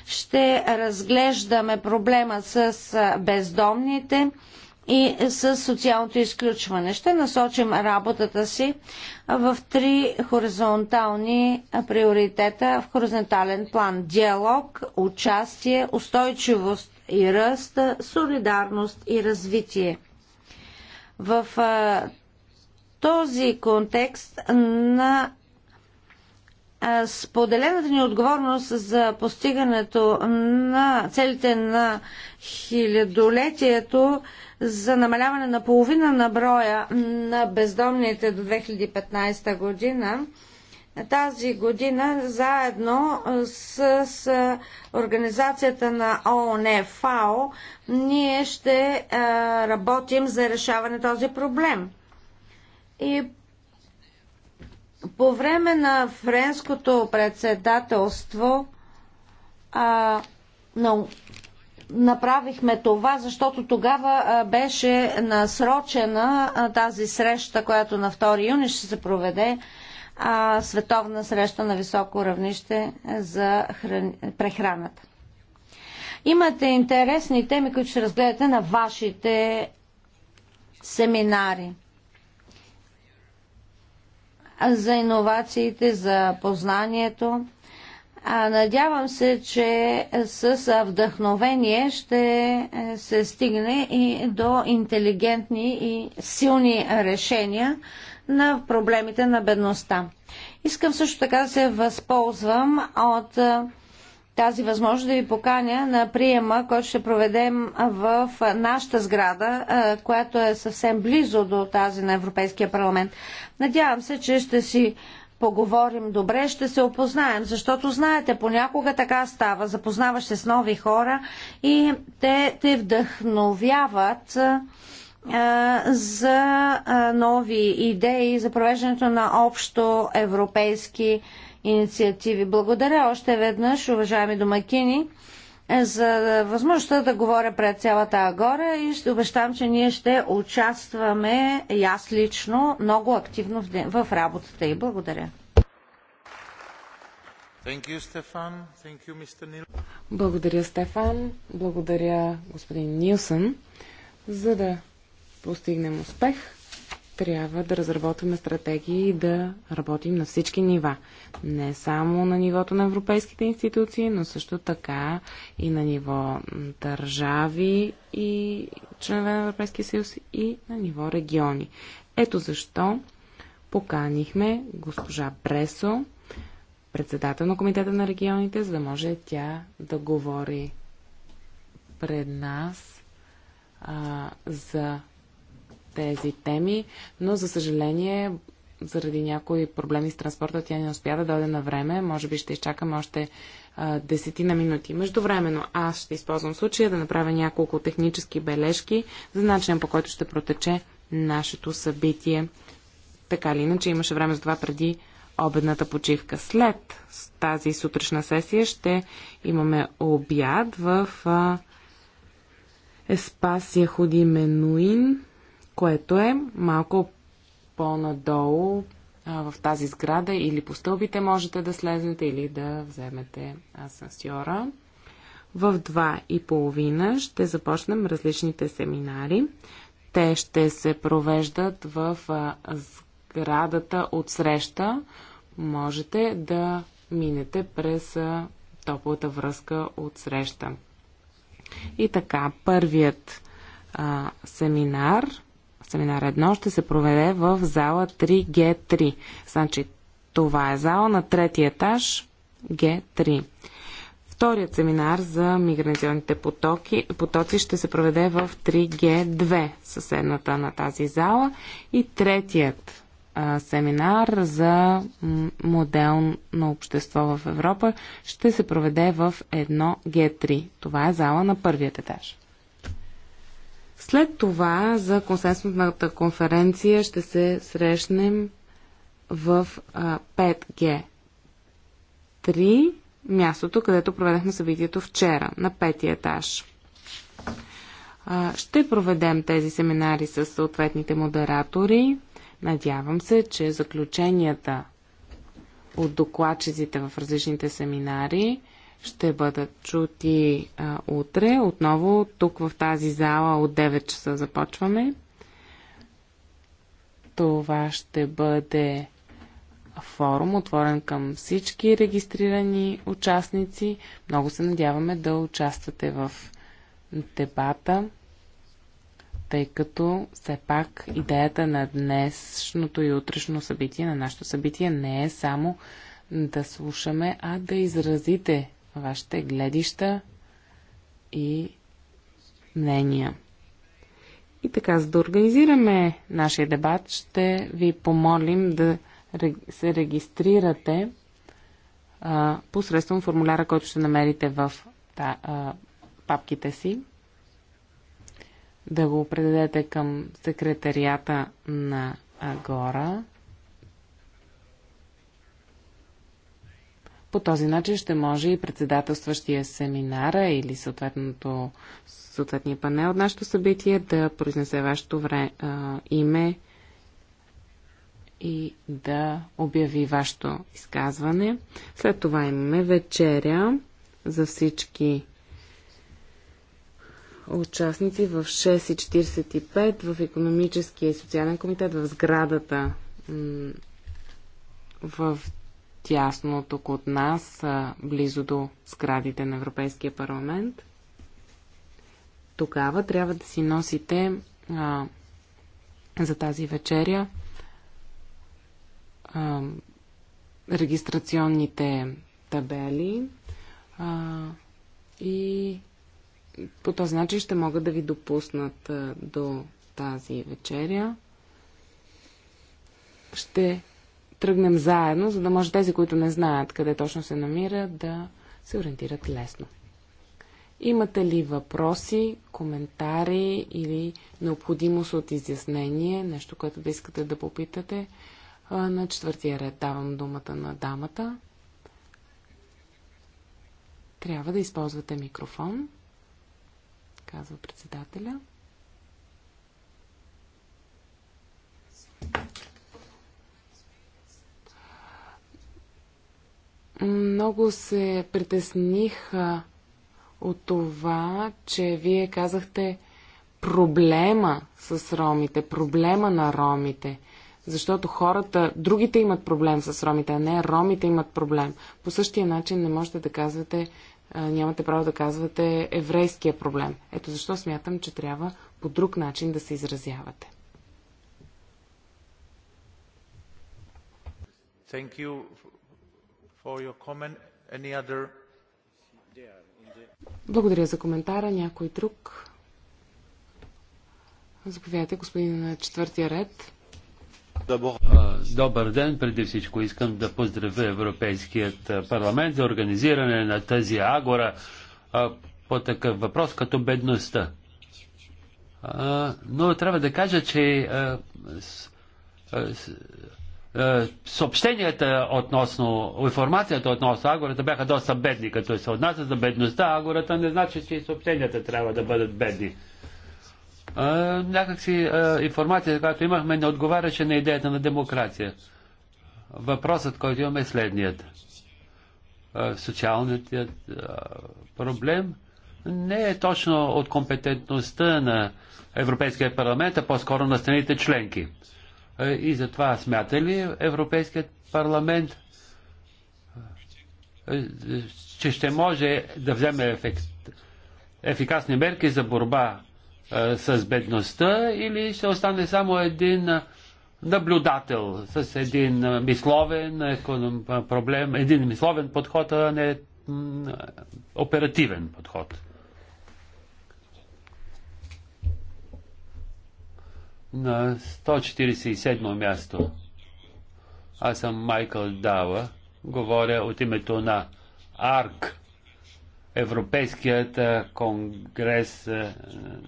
ще разглеждаме проблема с бездомните и с социалното изключване. Ще насочим работата си в три хоризонтални приоритета в хоризонтален план. Диалог, участие, устойчивост и ръст, солидарност и развитие. В този контекст на споделената ни отговорност за постигането на целите на хилядолетието за намаляване на половина на броя на бездомните до 2015 година. Тази година заедно с, с организацията на ООН ФАО ние ще а, работим за решаване този проблем. И по време на френското председателство а, но, направихме това, защото тогава а, беше насрочена а, тази среща, която на 2 юни ще се проведе а, световна среща на високо равнище за хран... прехраната. Имате интересни теми, които ще разгледате на вашите семинари за иновациите, за познанието. А, надявам се, че с вдъхновение ще е, се стигне и до интелигентни и силни решения на проблемите на бедността. Искам също така да се възползвам от а, е, тази възможност да ви поканя на приема, който ще проведем в нашата сграда, която е съвсем близо до тази на Европейския парламент. Надявам се, че ще си поговорим добре, ще се опознаем, защото знаете, понякога така става. Запознаваш се с нови хора и те те вдъхновяват за нови идеи, за провеждането на общо европейски инициативи. Благодаря още веднъж, уважаеми домакини, за възможността да говоря пред цялата Агора и ще обещам, че ние ще участваме и аз лично много активно в, работата и благодаря. You, благодаря, Стефан. Благодаря, господин Нилсън. За да постигнем успех, трябва да разработваме стратегии и да работим на всички нива. Не само на нивото на европейските институции, но също така и на ниво държави и членове на Европейския съюз и на ниво региони. Ето защо поканихме госпожа Бресо, председател на Комитета на регионите, за да може тя да говори пред нас а, за тези теми, но за съжаление заради някои проблеми с транспорта тя не успя да дойде на време. Може би ще изчакам още десетина минути. Междувременно аз ще използвам случая да направя няколко технически бележки за начинът по който ще протече нашето събитие. Така или иначе имаше време за това преди обедната почивка. След тази сутрешна сесия ще имаме обяд в Еспасия Ходи Менуин което е малко по-надолу в тази сграда или по стълбите можете да слезнете или да вземете асансьора. В 2 и половина ще започнем различните семинари. Те ще се провеждат в сградата от среща. Можете да минете през топлата връзка от среща. И така, първият а, семинар семинар 1 ще се проведе в зала 3G3. Значи това е зала на третия етаж G3. Вторият семинар за миграционните потоки, потоци ще се проведе в 3G2, съседната на тази зала. И третият а, семинар за модел на общество в Европа ще се проведе в 1G3. Това е зала на първият етаж. След това за консенсусната конференция ще се срещнем в 5G 3, мястото, където проведахме събитието вчера, на петия етаж. Ще проведем тези семинари с съответните модератори. Надявам се, че заключенията от докладчиците в различните семинари ще бъдат чути а, утре. Отново тук в тази зала от 9 часа започваме. Това ще бъде форум, отворен към всички регистрирани участници. Много се надяваме да участвате в дебата, тъй като все пак идеята на днешното и утрешно събитие, на нашето събитие, не е само да слушаме, а да изразите вашите гледища и мнения. И така, за да организираме нашия дебат, ще ви помолим да се регистрирате а, посредством формуляра, който ще намерите в та, а, папките си, да го предадете към секретарията на Агора. По този начин ще може и председателстващия семинара или съответното, съответния панел от нашето събитие да произнесе вашето вре, а, име и да обяви вашето изказване. След това имаме вечеря за всички участници в 6.45 в Економическия и социален комитет в сградата в тясно тук от нас, близо до сградите на Европейския парламент, тогава трябва да си носите а, за тази вечеря а, регистрационните табели а, и по този начин ще могат да ви допуснат а, до тази вечеря. Ще тръгнем заедно, за да може тези, които не знаят къде точно се намира, да се ориентират лесно. Имате ли въпроси, коментари или необходимост от изяснение, нещо, което да искате да попитате? На четвъртия ред давам думата на дамата. Трябва да използвате микрофон, казва председателя. Много се притесних от това, че вие казахте проблема с ромите, проблема на ромите. Защото хората, другите имат проблем с ромите, а не ромите имат проблем. По същия начин не можете да казвате, нямате право да казвате еврейския проблем. Ето защо смятам, че трябва по друг начин да се изразявате. Thank you благодаря за коментара. Някой друг? Заповядайте, господин на четвъртия ред. Добър ден. Преди всичко искам да поздравя Европейският парламент за организиране на тази агора по такъв въпрос като бедността. Но трябва да кажа, че е, съобщенията относно, информацията относно агората бяха доста бедни, като се отнася за бедността, агората не значи, че и съобщенията трябва да бъдат бедни. А, е, някакси а, е, информацията, която имахме, не отговаряше на идеята на демокрация. Въпросът, който имаме е следният. А, социалният а, проблем не е точно от компетентността на Европейския парламент, а по-скоро на страните членки. Е, и затова смята ли Европейският парламент, е, че ще може да вземе ефикасни мерки за борба е, с бедността или ще остане само един наблюдател с един мисловен проблем, един мисловен подход, а не оперативен подход. на 147 място. Аз съм Майкъл Дава, говоря от името на АРК, Европейският конгрес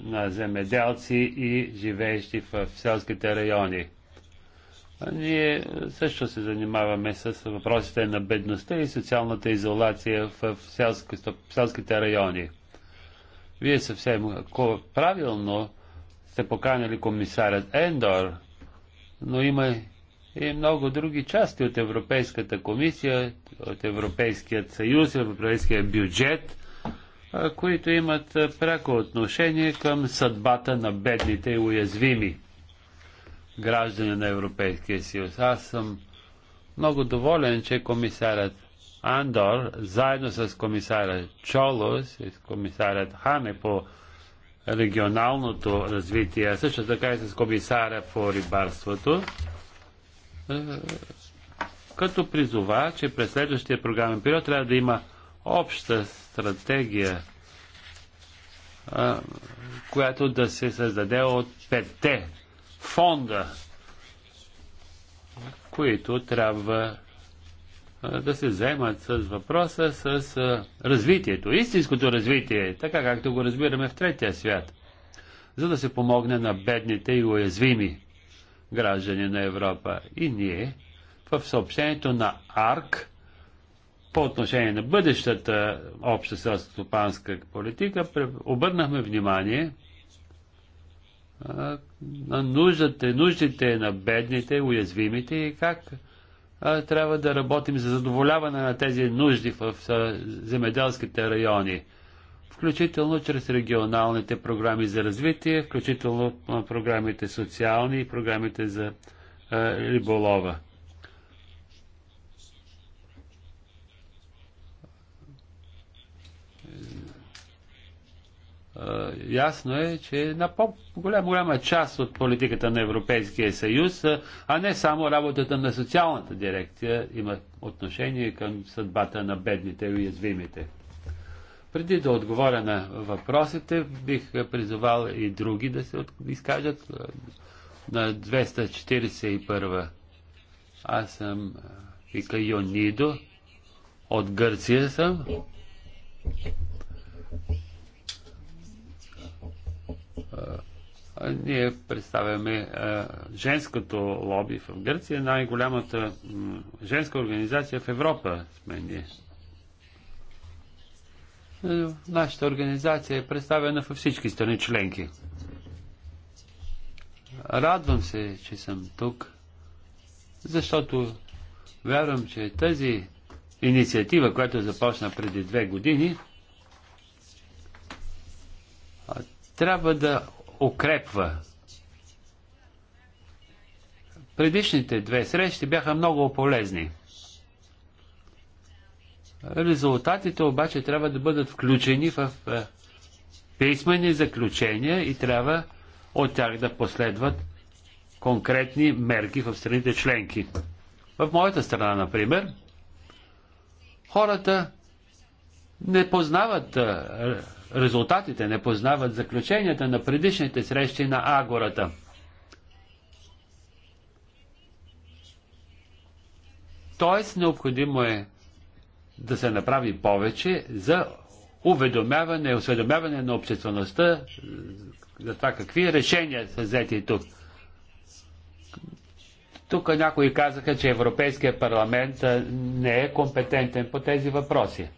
на земеделци и живеещи в селските райони. Ние също се занимаваме с въпросите на бедността и социалната изолация в селските райони. Вие съвсем правилно сте поканили комисарят Ендор, но има и много други части от Европейската комисия, от Европейският съюз, Европейския бюджет, които имат пряко отношение към съдбата на бедните и уязвими граждани на Европейския съюз. Аз съм много доволен, че комисарят Андор, заедно с комисарят Чолос и с комисарят Хане по регионалното развитие, а също така и с комисара по рибарството, е, като призова, че през следващия програмен период трябва да има обща стратегия, е, която да се създаде от петте фонда, които трябва да се заемат с въпроса с развитието, истинското развитие, така както го разбираме в третия свят, за да се помогне на бедните и уязвими граждани на Европа. И ние в съобщението на АРК по отношение на бъдещата обща селско-стопанска политика обърнахме внимание на нуждите, нуждите на бедните, уязвимите и как трябва да работим за задоволяване на тези нужди в земеделските райони, включително чрез регионалните програми за развитие, включително програмите социални и програмите за риболова. Е, ясно е, че на по голяма част от политиката на Европейския съюз, е, а не само работата на социалната дирекция, има отношение към съдбата на бедните и уязвимите. Преди да отговоря на въпросите, бих призовал и други да се изкажат е, на 241. Аз съм Ика Йонидо, от Гърция съм. ние представяме женското лоби в Гърция, най-голямата женска организация в Европа сме ние. Е, нашата организация е представена във всички страни членки. Радвам се, че съм тук, защото вярвам, че тази инициатива, която започна преди две години, трябва да укрепва. Предишните две срещи бяха много полезни. Резултатите обаче трябва да бъдат включени в е, писмени заключения и трябва от тях да последват конкретни мерки в страните членки. В моята страна, например, хората не познават резултатите, не познават заключенията на предишните срещи на Агората. Тоест, необходимо е да се направи повече за уведомяване, осведомяване на обществеността е, за това какви решения са взети тук. Тук някои казаха, че Европейския парламент е, не е компетентен по тези въпроси.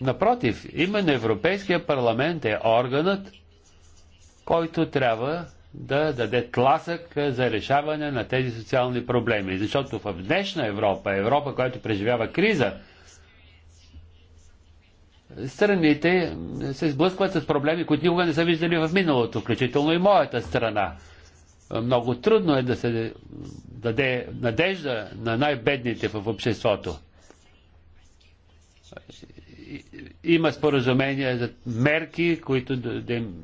Напротив, именно Европейския парламент е органът, който трябва да даде тласък за решаване на тези социални проблеми. Защото в днешна Европа, Европа, която преживява криза, страните се сблъскват с проблеми, които никога не са виждали в миналото, включително и моята страна. Много трудно е да се даде надежда на най-бедните в обществото. Има споразумение за мерки, които да, да им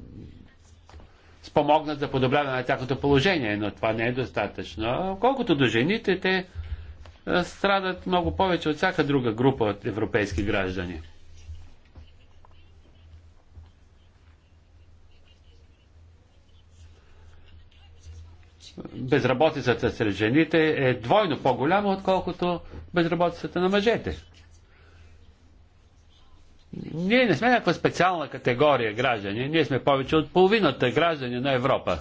спомогнат за подобряване на тяхното положение, но това не е достатъчно. Колкото до жените, те е, страдат много повече от всяка друга група от европейски граждани. Безработицата сред жените е двойно по-голяма, отколкото безработицата на мъжете. Ние не сме някаква специална категория граждани, ние сме повече от половината граждани на Европа.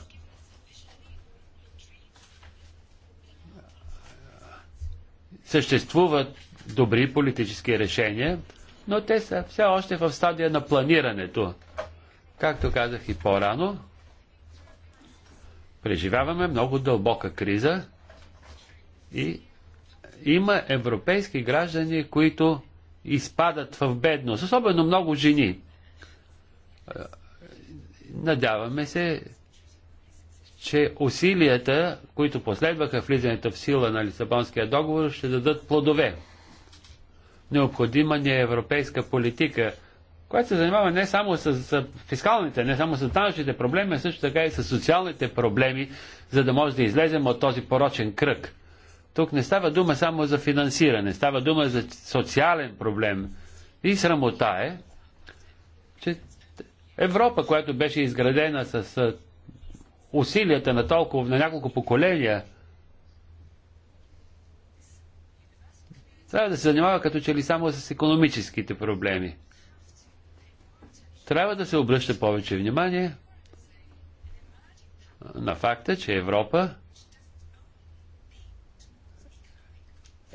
Съществуват добри политически решения, но те са все още в стадия на планирането. Както казах и по-рано, преживяваме много дълбока криза и има европейски граждани, които изпадат в бедност, особено много жени. Надяваме се, че усилията, които последваха влизането в сила на Лисабонския договор, ще дадат плодове. Необходима ни е европейска политика, която се занимава не само с фискалните, не само с данъчните проблеми, а също така и с социалните проблеми, за да може да излезем от този порочен кръг. Тук не става дума само за финансиране, става дума за социален проблем. И срамота е, че Европа, която беше изградена с усилията на толкова, на няколко поколения, трябва да се занимава като че ли само с економическите проблеми. Трябва да се обръща повече внимание на факта, че Европа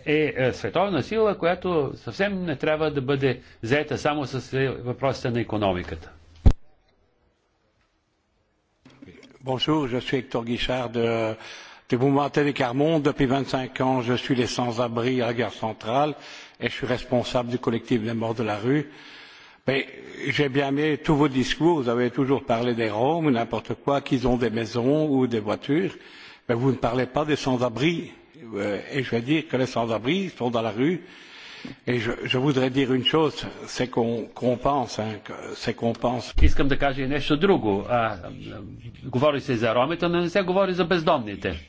е световна сила, която съвсем не трябва да бъде заета само с въпросите на економиката. Bonjour, je suis Hector Guichard de, du mouvement Télé Carmon. Depuis 25 ans, je suis les sans-abri à la gare centrale et je suis responsable du collectif des morts de la rue. Mais j'ai bien aimé tous vos discours. Vous avez toujours parlé des Roms, ou n'importe quoi, qu'ils ont des maisons ou des voitures. Mais vous ne parlez pas des sans-abri et je vais dire que les sans-abri sont dans la rue. Et je, je voudrais dire une chose, c'est qu'on pense, hein, c'est qu'on pense. Искам да кажа и нещо друго. А, говори се за ромите, но не се говори за бездомните.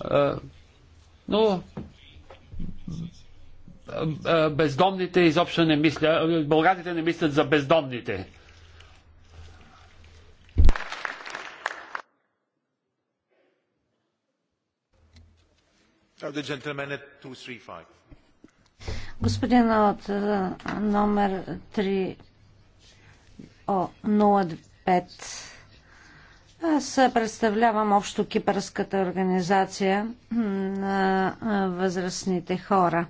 А, но бездомните изобщо не мислят, българите не мислят за бездомните. Господин от е, номер 305. Аз представлявам общо кипърската организация на е, възрастните хора.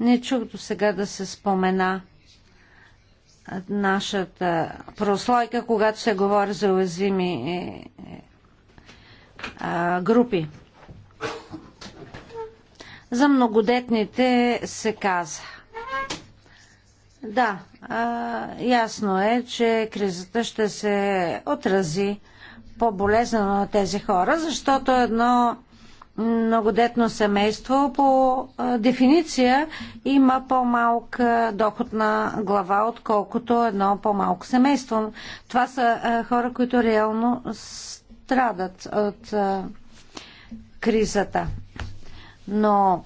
Не чух до сега да се спомена е, нашата прослойка, когато се говори за уязвими групи. За многодетните се каза. Да, а, ясно е, че кризата ще се отрази по-болезнено на тези хора, защото едно многодетно семейство по дефиниция има по-малък доход на глава, отколкото едно по-малко семейство. Това са хора, които реално страдат от кризата. Но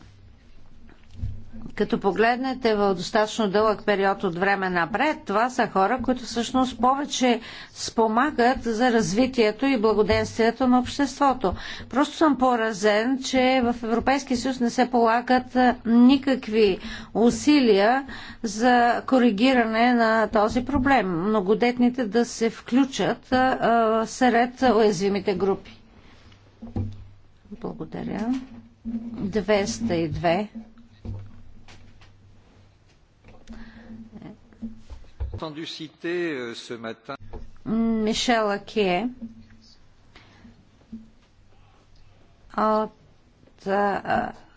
като погледнете в достатъчно дълъг период от време напред, това са хора, които всъщност повече спомагат за развитието и благоденствието на обществото. Просто съм поразен, че в Европейския съюз не се полагат никакви усилия за коригиране на този проблем. Многодетните да се включат сред уязвимите групи. Благодаря. 202. Мишела citer Мишел euh, от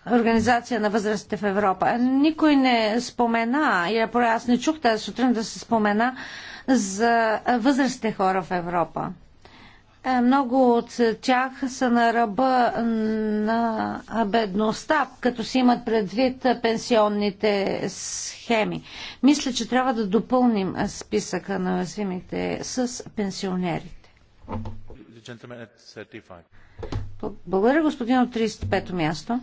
Организация на възрастите в Европа. Никой не спомена, и ако аз не чух тази сутрин да се спомена за възрастите хора в Европа. Е, много от тях са на ръба на бедността, като си имат предвид пенсионните схеми. Мисля, че трябва да допълним списъка на уязвимите с пенсионерите. Благодаря, господин от 35-то място.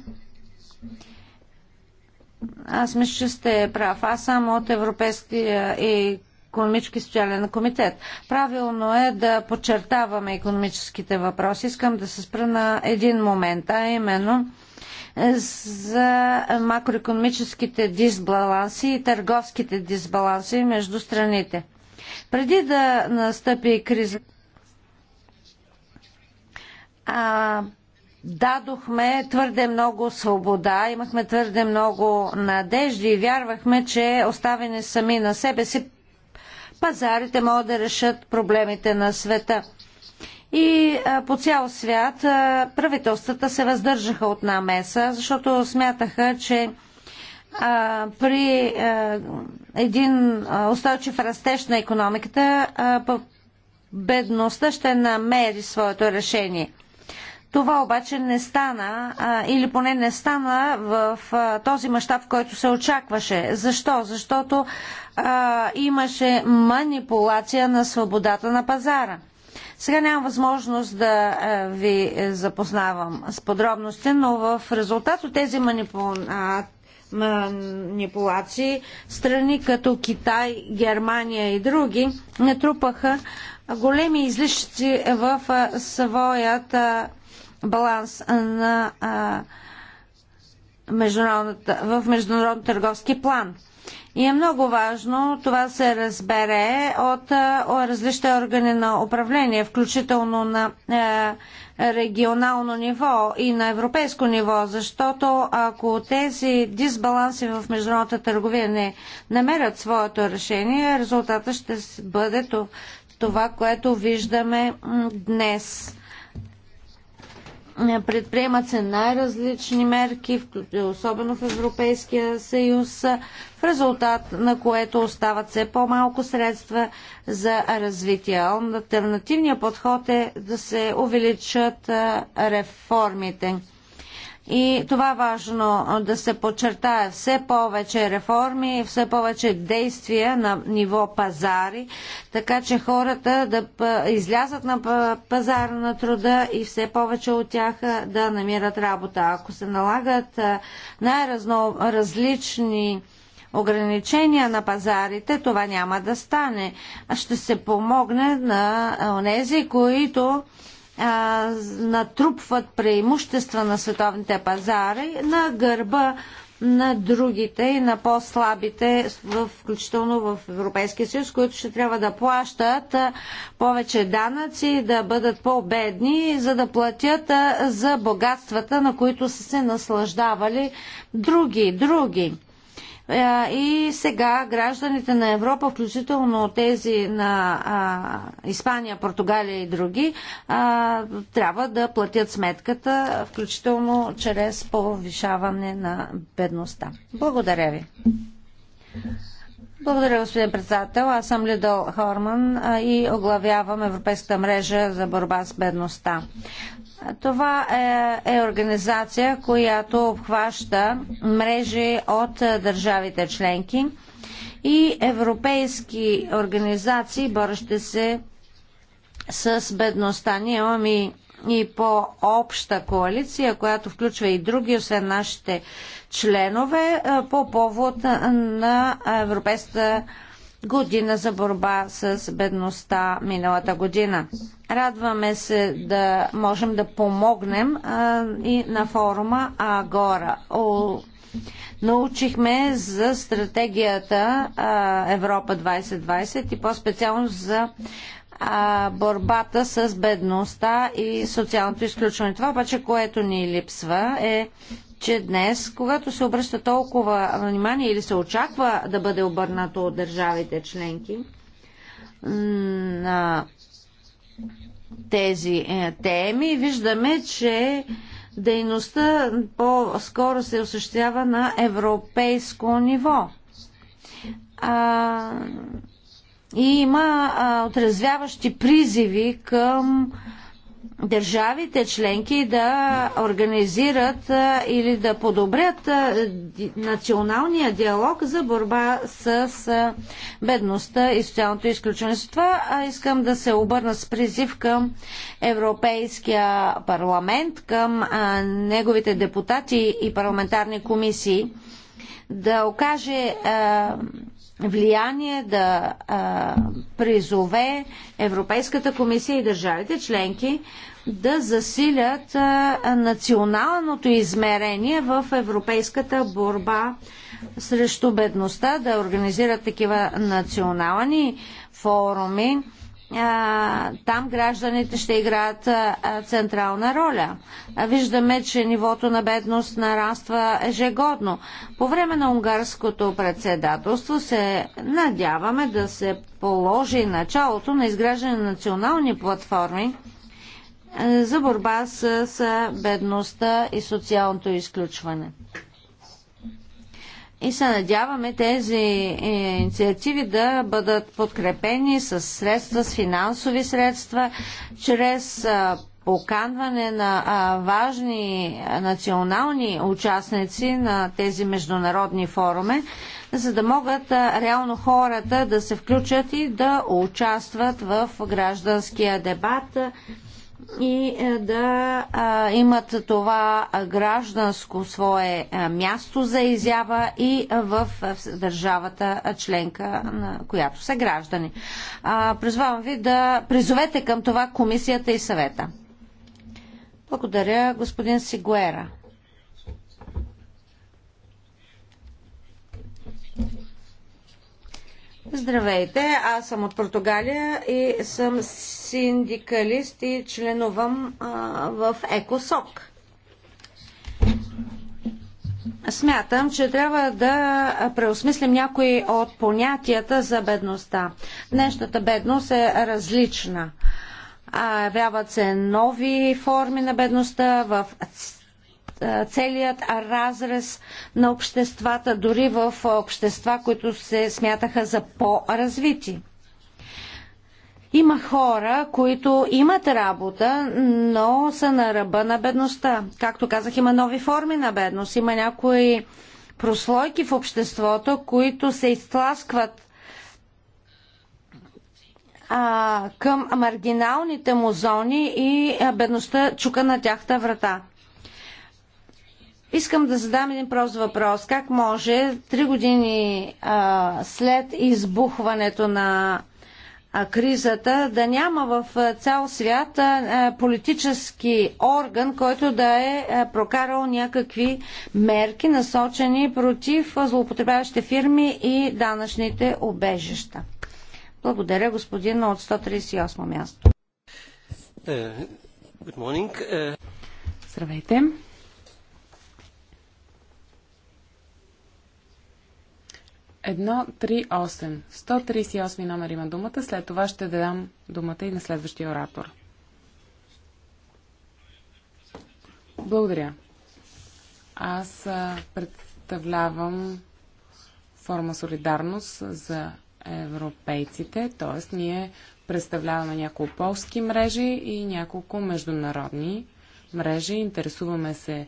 Аз мисля, че сте прав. Аз съм от Европейския и економически социален комитет. Правилно е да подчертаваме економическите въпроси. Искам да се спра на един момент, а именно за макроекономическите дисбаланси и търговските дисбаланси между страните. Преди да настъпи криза, а, дадохме твърде много свобода, имахме твърде много надежди и вярвахме, че оставени сами на себе си пазарите могат да решат проблемите на света. И а, по цял свят а, правителствата се въздържаха от намеса, защото смятаха, че а, при а, един устойчив растеж на економиката а, бедността ще намери своето решение. Това обаче не стана, а, или поне не стана в а, този мащаб, който се очакваше. Защо? Защото а, имаше манипулация на свободата на пазара. Сега нямам възможност да ви запознавам с подробности, но в резултат от тези манипулации манипулации. Страни като Китай, Германия и други натрупаха големи излишци в своята баланс на а, в международно търговски план. И е много важно това се разбере от различните органи на управление, включително на е, регионално ниво и на европейско ниво, защото ако тези дисбаланси в международната търговия не намерят своето решение, резултата ще бъде това, което виждаме днес е, предприемат се най-различни мерки, особено в Европейския съюз, в резултат на което остават все по-малко средства за развитие. Альтернативният подход е да се увеличат е, реформите. И това е важно да се подчертае все повече реформи, все повече действия на ниво пазари, така че хората да излязат на пазара на труда и все повече от тях да намират работа. Ако се налагат най-различни ограничения на пазарите, това няма да стане. Ще се помогне на тези, които а, натрупват преимущества на световните пазари на гърба на другите и на по-слабите, включително в Европейския съюз, които ще трябва да плащат повече данъци, да бъдат по-бедни, за да платят за богатствата, на които са се наслаждавали други, други. И сега гражданите на Европа, включително тези на Испания, Португалия и други, трябва да платят сметката, включително чрез повишаване на бедността. Благодаря ви. Благодаря, господин председател. Аз съм Лидо Хорман и оглавявам Европейската мрежа за борба с бедността. Това е, е организация, която обхваща мрежи от държавите членки и европейски организации, борещи се с бедността. Ние имаме и по-обща коалиция, която включва и други, освен нашите членове по повод на Европейската година за борба с бедността миналата година. Радваме се да можем да помогнем и на форума Агора. научихме за стратегията Европа 2020 и по-специално за борбата с бедността и социалното изключване. Това обаче, което ни липсва е че днес, когато се обръща толкова внимание или се очаква да бъде обърнато от държавите членки на тези е, теми, виждаме, че дейността по-скоро се осъществява на европейско ниво. А, и има а, отрезвяващи призиви към а, държавите членки да организират или да подобрят националния диалог за борба с бедността и социалното изключване. С това искам да се обърна с призив към Европейския парламент, към неговите депутати и парламентарни комисии да окаже влияние да а, призове Европейската комисия и държавите членки да засилят националното измерение в европейската борба срещу бедността, да организират такива национални форуми. Там гражданите ще играят централна роля. Виждаме, че нивото на бедност нараства ежегодно. По време на унгарското председателство се надяваме да се положи началото на изграждане на национални платформи е, за борба с, с бедността и социалното изключване. И се надяваме тези е, инициативи да бъдат подкрепени с средства, с финансови средства, чрез е, поканване на важни национални участници на тези международни форуми, за да могат реално хората да се включат и да участват в гражданския дебат и е, да а, имат това гражданско свое е, място за изява и е, в, държавата членка, на която са граждани. А, призвавам ви да призовете към това комисията и съвета. Благодаря, господин Сигуера. Здравейте, аз съм от Португалия и съм синдикалист и членувам а, в ЕКОСОК. Смятам, че трябва да преосмислим някои от понятията за бедността. Днешната бедност е различна. явяват се нови форми на бедността в целият разрез на обществата, дори в общества, които се смятаха за по-развити. Има хора, които имат работа, но са на ръба на бедността. Както казах, има нови форми на бедност. Има някои прослойки в обществото, които се изтласкват а, към маргиналните му зони и бедността чука на тяхта врата. Искам да задам един прост въпрос. Как може три години а, след избухването на кризата, да няма в цял свят политически орган, който да е прокарал някакви мерки, насочени против злоупотребяващите фирми и данъчните обежища. Благодаря, господин от 138 място. Е, е, Здравейте. 138. 138 номер има думата. След това ще дам думата и на следващия оратор. Благодаря. Аз представлявам форма солидарност за европейците, т.е. ние представляваме няколко полски мрежи и няколко международни мрежи. Интересуваме се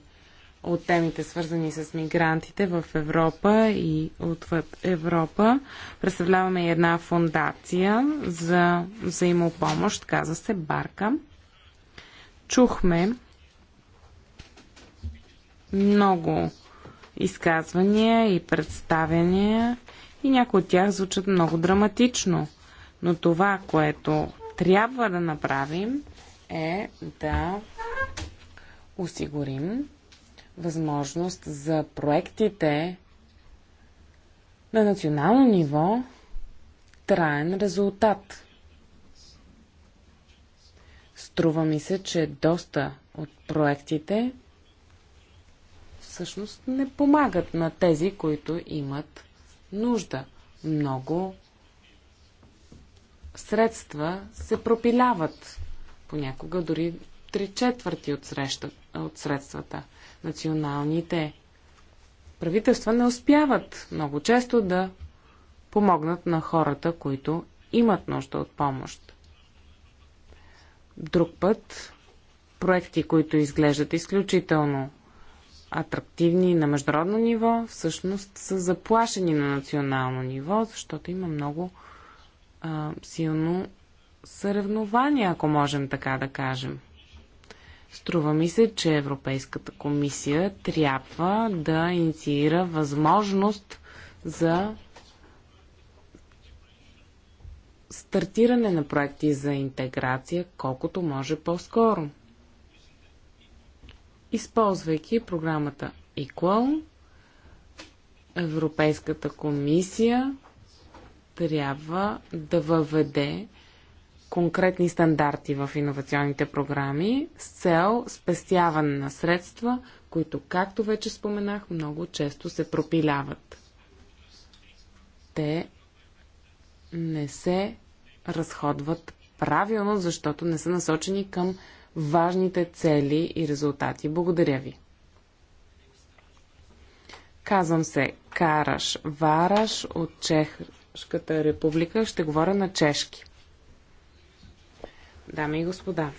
от темите, свързани с мигрантите в Европа и отвъд Европа. Представляваме една фундация за взаимопомощ, каза се Барка. Чухме много изказвания и представяния и някои от тях звучат много драматично. Но това, което трябва да направим е да осигурим възможност за проектите на национално ниво траен резултат. Струва ми се, че доста от проектите всъщност не помагат на тези, които имат нужда. Много средства се пропиляват. Понякога дори три четвърти от, среща, от средствата националните правителства не успяват много често да помогнат на хората, които имат нужда от помощ. Друг път проекти, които изглеждат изключително атрактивни на международно ниво, всъщност са заплашени на национално ниво, защото има много а, силно съревнование, ако можем така да кажем. Струва ми се, че Европейската комисия трябва да инициира възможност за стартиране на проекти за интеграция колкото може по-скоро. Използвайки програмата Equal, Европейската комисия трябва да въведе конкретни стандарти в иновационните програми с цел спестяване на средства, които, както вече споменах, много често се пропиляват. Те не се разходват правилно, защото не са насочени към важните цели и резултати. Благодаря ви. Казвам се Караш Вараш от Чехската република. Ще говоря на чешки дами и господа.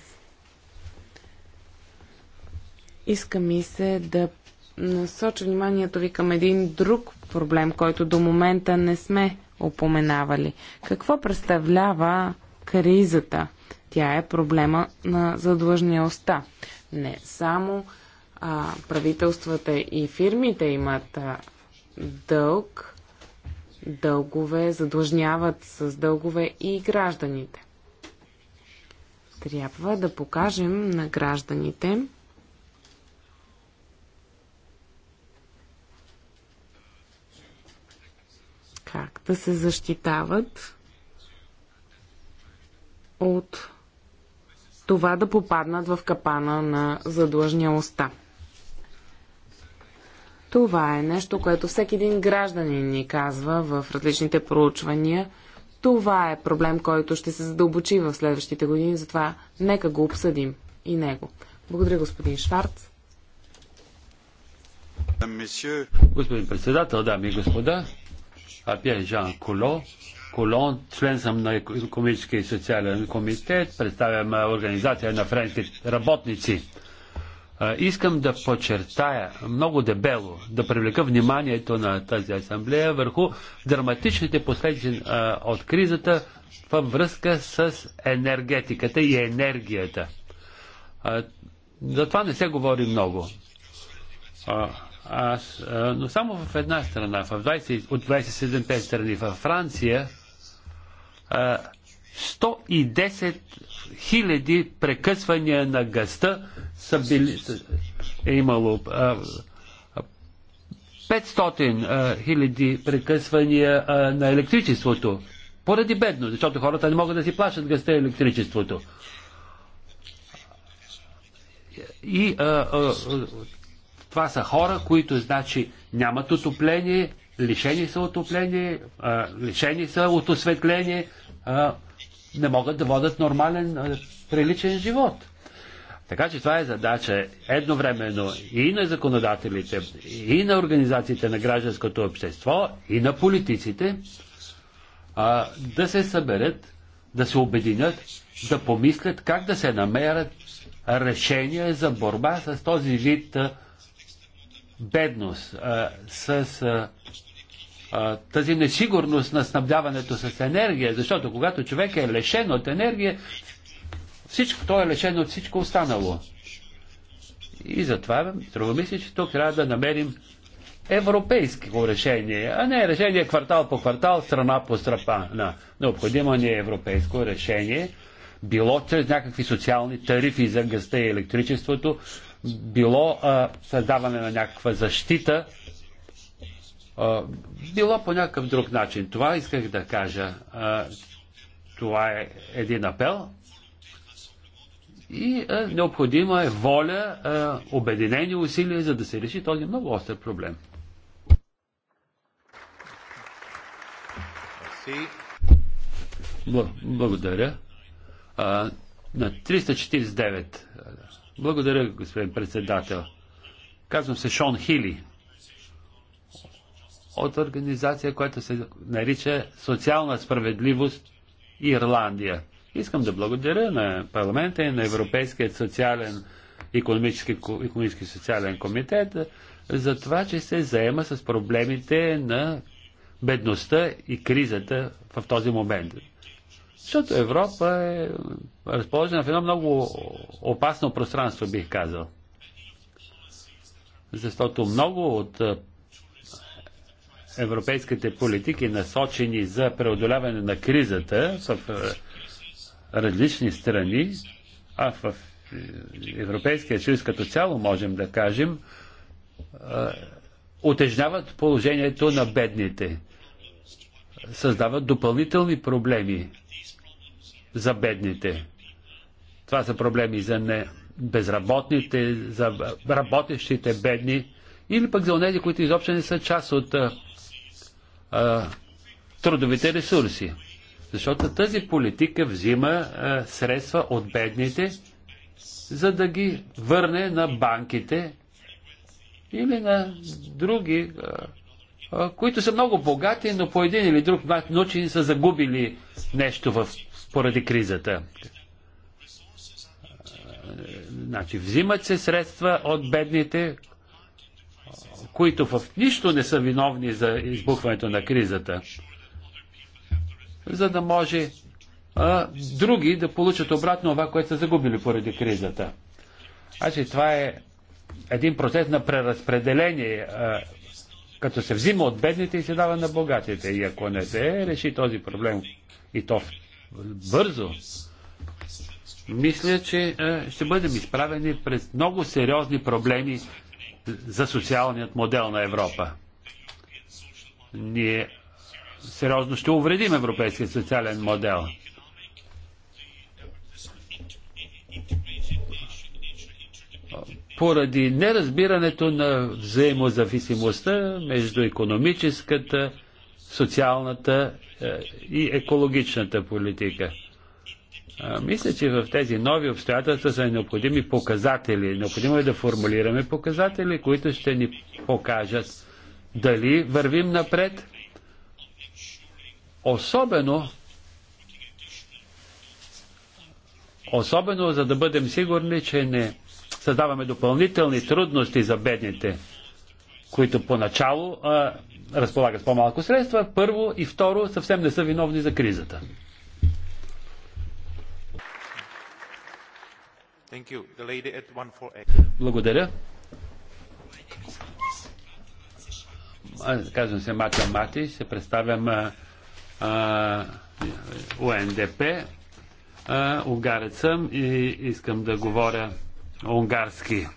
Иска ми се да насоча вниманието ви към един друг проблем, който до момента не сме упоменавали. Какво представлява кризата? Тя е проблема на задлъжнялостта. Не само а, правителствата и фирмите имат а, дълг, дългове, задлъжняват с дългове и гражданите. Трябва да покажем на гражданите, как да се защитават от това да попаднат в капана на задлъжнялостта. Това е нещо, което всеки един гражданин ни казва в различните проучвания – това е проблем, който ще се задълбочи в следващите години, затова нека го обсъдим и него. Благодаря, господин Шварц. Господин председател, дами и господа, а Жан Коло, Колон, член съм на економическия и социален комитет, представям организация на френските работници. Искам да подчертая много дебело, да привлека вниманието на тази асамблея върху драматичните последици от кризата във връзка с енергетиката и енергията. За това не се говори много. Аз, но само в една страна, в 20, от 27-те страни, във Франция, 110 хиляди прекъсвания на гъста са били, е имало а, 500 хиляди прекъсвания а, на електричеството поради бедно, защото хората не могат да си плащат гъста и електричеството. И а, а, това са хора, които значи нямат отопление, лишени са отопление, а, лишени са от осветление, а, не могат да водят нормален, приличен живот. Така че това е задача едновременно и на законодателите, и на организациите на гражданското общество, и на политиците а, да се съберат, да се обединят, да помислят как да се намерят решения за борба с този вид а, бедност, а, с а, тази несигурност на снабдяването с енергия, защото когато човек е лишен от енергия, всичко, той е лишен от всичко останало. И затова, струва мисля, че тук трябва да намерим европейско решение, а не решение квартал по квартал, страна по страна. Необходимо ни е европейско решение, било чрез някакви социални тарифи за гъста и електричеството, било а, създаване на някаква защита било по някакъв друг начин. Това исках да кажа. Това е един апел. И необходима е воля, обединени усилия, за да се реши този много остър проблем. Благодаря. на 349. Благодаря, господин председател. Казвам се Шон Хили от организация, която се нарича Социална справедливост Ирландия. Искам да благодаря на парламента и на Европейският социален економически, економически социален комитет за това, че се заема с проблемите на бедността и кризата в този момент. Защото Европа е разположена в едно много опасно пространство, бих казал. Защото много от европейските политики, насочени за преодоляване на кризата в е, различни страни, а в е, Европейския съюз като цяло, можем да кажем, отежняват е, положението на бедните, създават допълнителни проблеми за бедните. Това са проблеми за не безработните, за работещите бедни или пък за онези, които изобщо не са част от а, трудовите ресурси. Защото тази политика взима а, средства от бедните, за да ги върне на банките или на други, а, а, които са много богати, но по един или друг начин са загубили нещо в, поради кризата. Значи, взимат се средства от бедните, които в нищо не са виновни за избухването на кризата, за да може а, други да получат обратно това, което са загубили поради кризата. Значи това е един процес на преразпределение, а, като се взима от бедните и се дава на богатите. И ако не се реши този проблем и то бързо, мисля, че а, ще бъдем изправени пред много сериозни проблеми за социалният модел на Европа. Ние сериозно ще увредим европейския социален модел. Поради неразбирането на взаимозависимостта между економическата, социалната е, и екологичната политика. Мисля, че в тези нови обстоятелства са необходими показатели. Необходимо е да формулираме показатели, които ще ни покажат дали вървим напред, особено особено за да бъдем сигурни, че не създаваме допълнителни трудности за бедните, които поначало а, разполагат с по-малко средства, първо и второ съвсем не са виновни за кризата. Благодаря. Аз казвам се Мача Мати, се представям а, а, УНДП. А, унгарец съм и искам да говоря унгарски.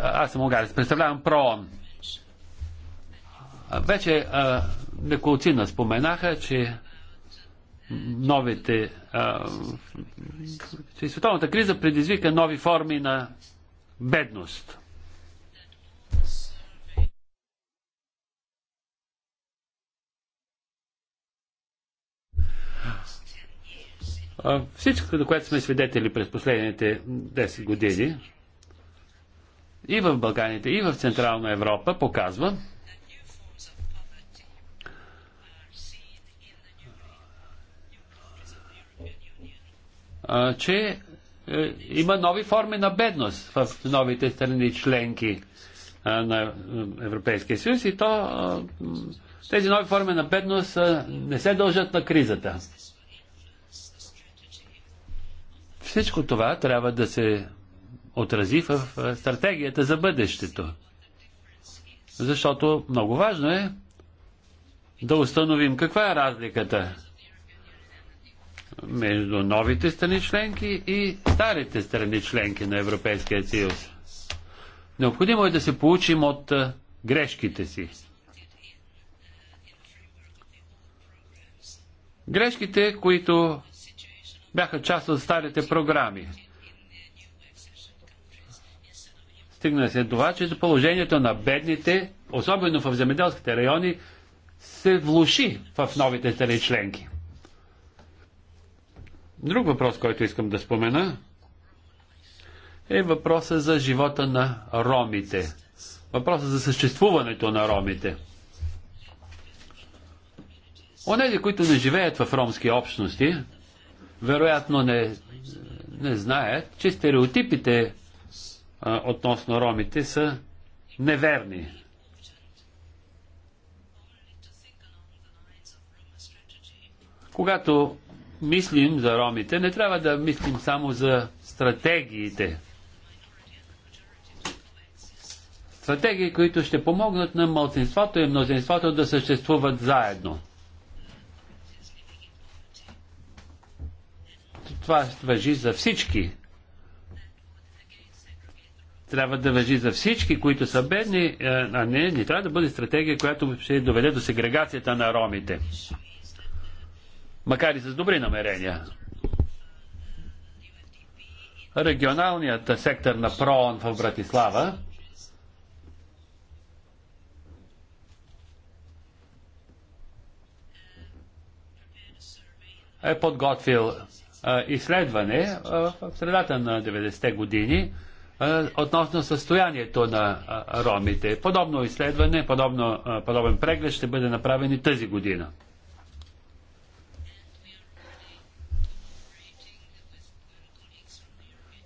Аз съм унгарец. Представлявам ПРООН. Вече неколцина споменаха, че новите, а, че световната криза предизвика нови форми на бедност. Всичко, до което сме свидетели през последните 10 години, и в Балканите, и в Централна Европа, показва, че е, има нови форми на бедност в новите страни членки на е, Европейския съюз и то тези нови форми на бедност не се дължат на кризата. Всичко това трябва да се отрази в стратегията за бъдещето. Защото много важно е да установим каква е разликата между новите страни членки и старите страни членки на Европейския съюз. Необходимо е да се получим от грешките си. Грешките, които бяха част от старите програми. Стигна се това, че положението на бедните, особено в земеделските райони, се влуши в новите страни членки. Друг въпрос, който искам да спомена, е въпроса за живота на ромите. Въпроса за съществуването на ромите. Онези, които не живеят в ромски общности, вероятно не, не знаят, че стереотипите а, относно ромите са неверни. Когато мислим за ромите, не трябва да мислим само за стратегиите. Стратегии, които ще помогнат на малцинството и мнозинството да съществуват заедно. Това въжи за всички. Трябва да въжи за всички, които са бедни, е, а не, не трябва да бъде стратегия, която ще доведе до сегрегацията на ромите макар и с добри намерения. Регионалният сектор на ПРООН в Братислава е подготвил изследване в средата на 90-те години относно състоянието на ромите. Подобно изследване, подобно, подобен преглед ще бъде направен и тази година.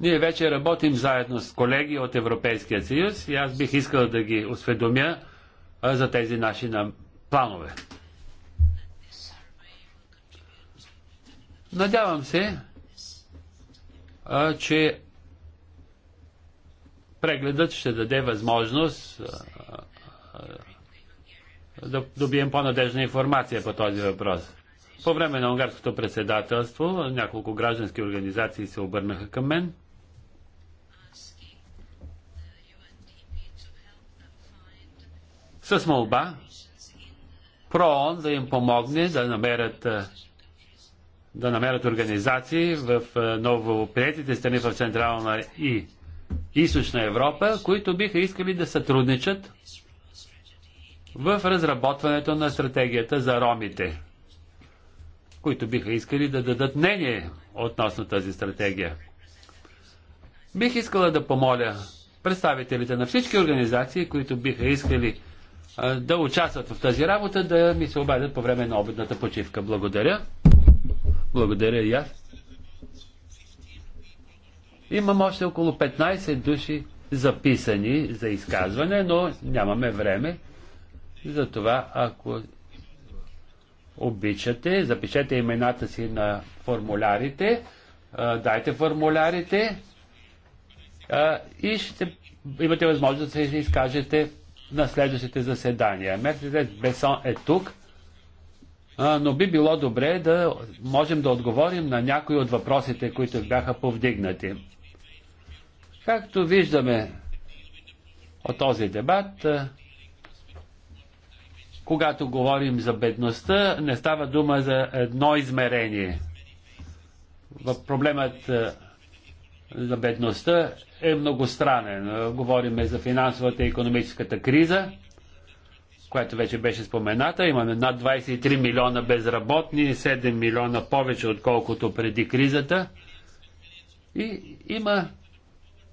Ние вече работим заедно с колеги от Европейския съюз и аз бих искал да ги осведомя за тези наши нам... планове. Надявам се, че прегледът ще даде възможност да добием по-надежна информация по този въпрос. По време на унгарското председателство няколко граждански организации се обърнаха към мен – с молба ПРООН да им помогне да намерят да намерят организации в новоприятите страни в Централна и Източна Европа, които биха искали да сътрудничат в разработването на стратегията за ромите, които биха искали да дадат мнение относно тази стратегия. Бих искала да помоля представителите на всички организации, които биха искали да участват в тази работа, да ми се обадят по време на обедната почивка. Благодаря. Благодаря и аз. Имам още около 15 души записани за изказване, но нямаме време. Затова, ако обичате, запишете имената си на формулярите, дайте формулярите и ще имате възможност да се изкажете на следващите заседания. Мерседес Бесон е тук, но би било добре да можем да отговорим на някои от въпросите, които бяха повдигнати. Както виждаме от този дебат, когато говорим за бедността, не става дума за едно измерение. Проблемът за бедността е многостранен. Говорим за финансовата и економическата криза, която вече беше спомената. Имаме над 23 милиона безработни, 7 милиона повече отколкото преди кризата. И има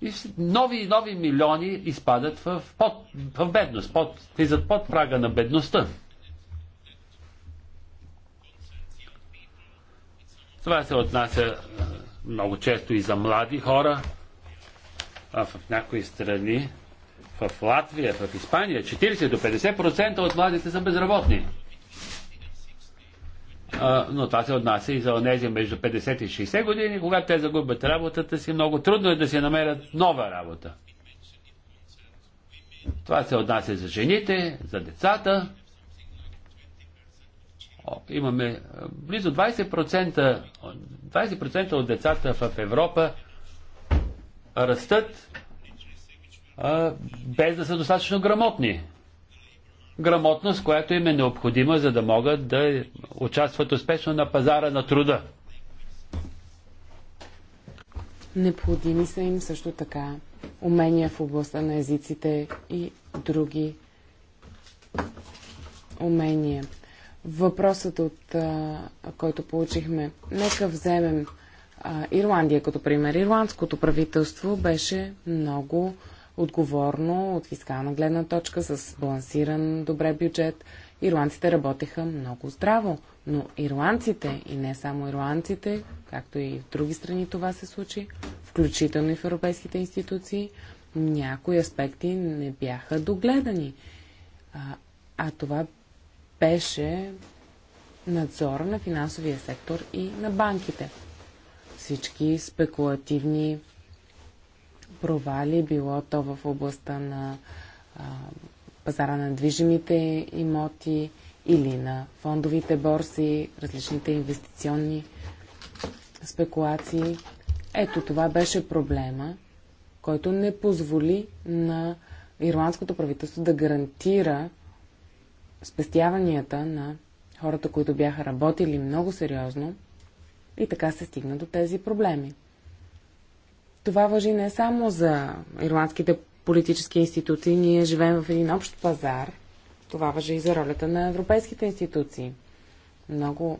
и нови и нови милиони изпадат в, под, в бедност, под, влизат под прага на бедността. Това се отнася много често и за млади хора. А в някои страни, в Латвия, в Испания, 40 до 50% от младите са безработни. А, но това се отнася и за онези между 50 и 60 години, когато те загубят работата си, много трудно е да си намерят нова работа. Това се отнася за жените, за децата имаме е, близо 20%, 20% от децата в Европа растат а, без да са достатъчно грамотни. Грамотност, която им е необходима, за да могат да участват успешно на пазара на труда. Необходими са им също така умения в областта на езиците и други умения въпросът, от а, който получихме. Нека вземем а, Ирландия като пример. Ирландското правителство беше много отговорно от фискална гледна точка, с балансиран добре бюджет. Ирландците работеха много здраво, но ирландците и не само ирландците, както и в други страни това се случи, включително и в европейските институции, някои аспекти не бяха догледани. А, а това беше надзора на финансовия сектор и на банките. Всички спекулативни провали, било то в областта на а, пазара на движимите имоти или на фондовите борси, различните инвестиционни спекулации. Ето това беше проблема, който не позволи на ирландското правителство да гарантира спестяванията на хората, които бяха работили много сериозно и така се стигна до тези проблеми. Това въжи не само за ирландските политически институции, ние живеем в един общ пазар. Това въжи и за ролята на европейските институции. Много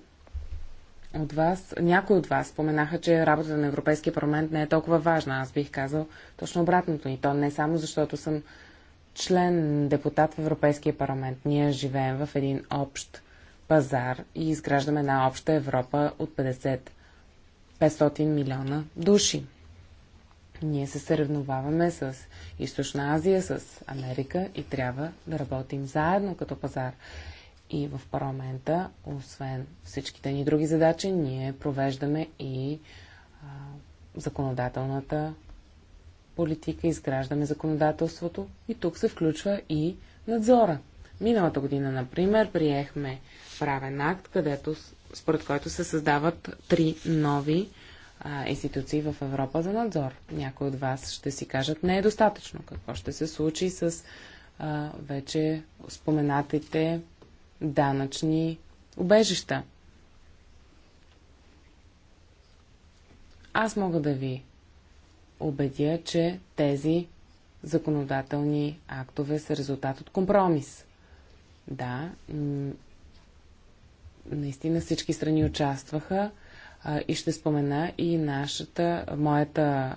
от вас, някои от вас споменаха, че работата на Европейския парламент не е толкова важна. Аз бих казал точно обратното. И то не само защото съм член депутат в Европейския парламент. Ние живеем в един общ пазар и изграждаме една обща Европа от 50 500 милиона души. Ние се съревноваваме с Източна Азия, с Америка и трябва да работим заедно като пазар. И в парламента, освен всичките ни други задачи, ние провеждаме и а, законодателната политика, изграждаме законодателството и тук се включва и надзора. Миналата година, например, приехме правен акт, където, според който се създават три нови а, институции в Европа за надзор. Някои от вас ще си кажат, не е достатъчно. Какво ще се случи с а, вече споменатите данъчни убежища? Аз мога да ви убедя, че тези законодателни актове са резултат от компромис. Да, наистина всички страни участваха а, и ще спомена и нашата, моята а,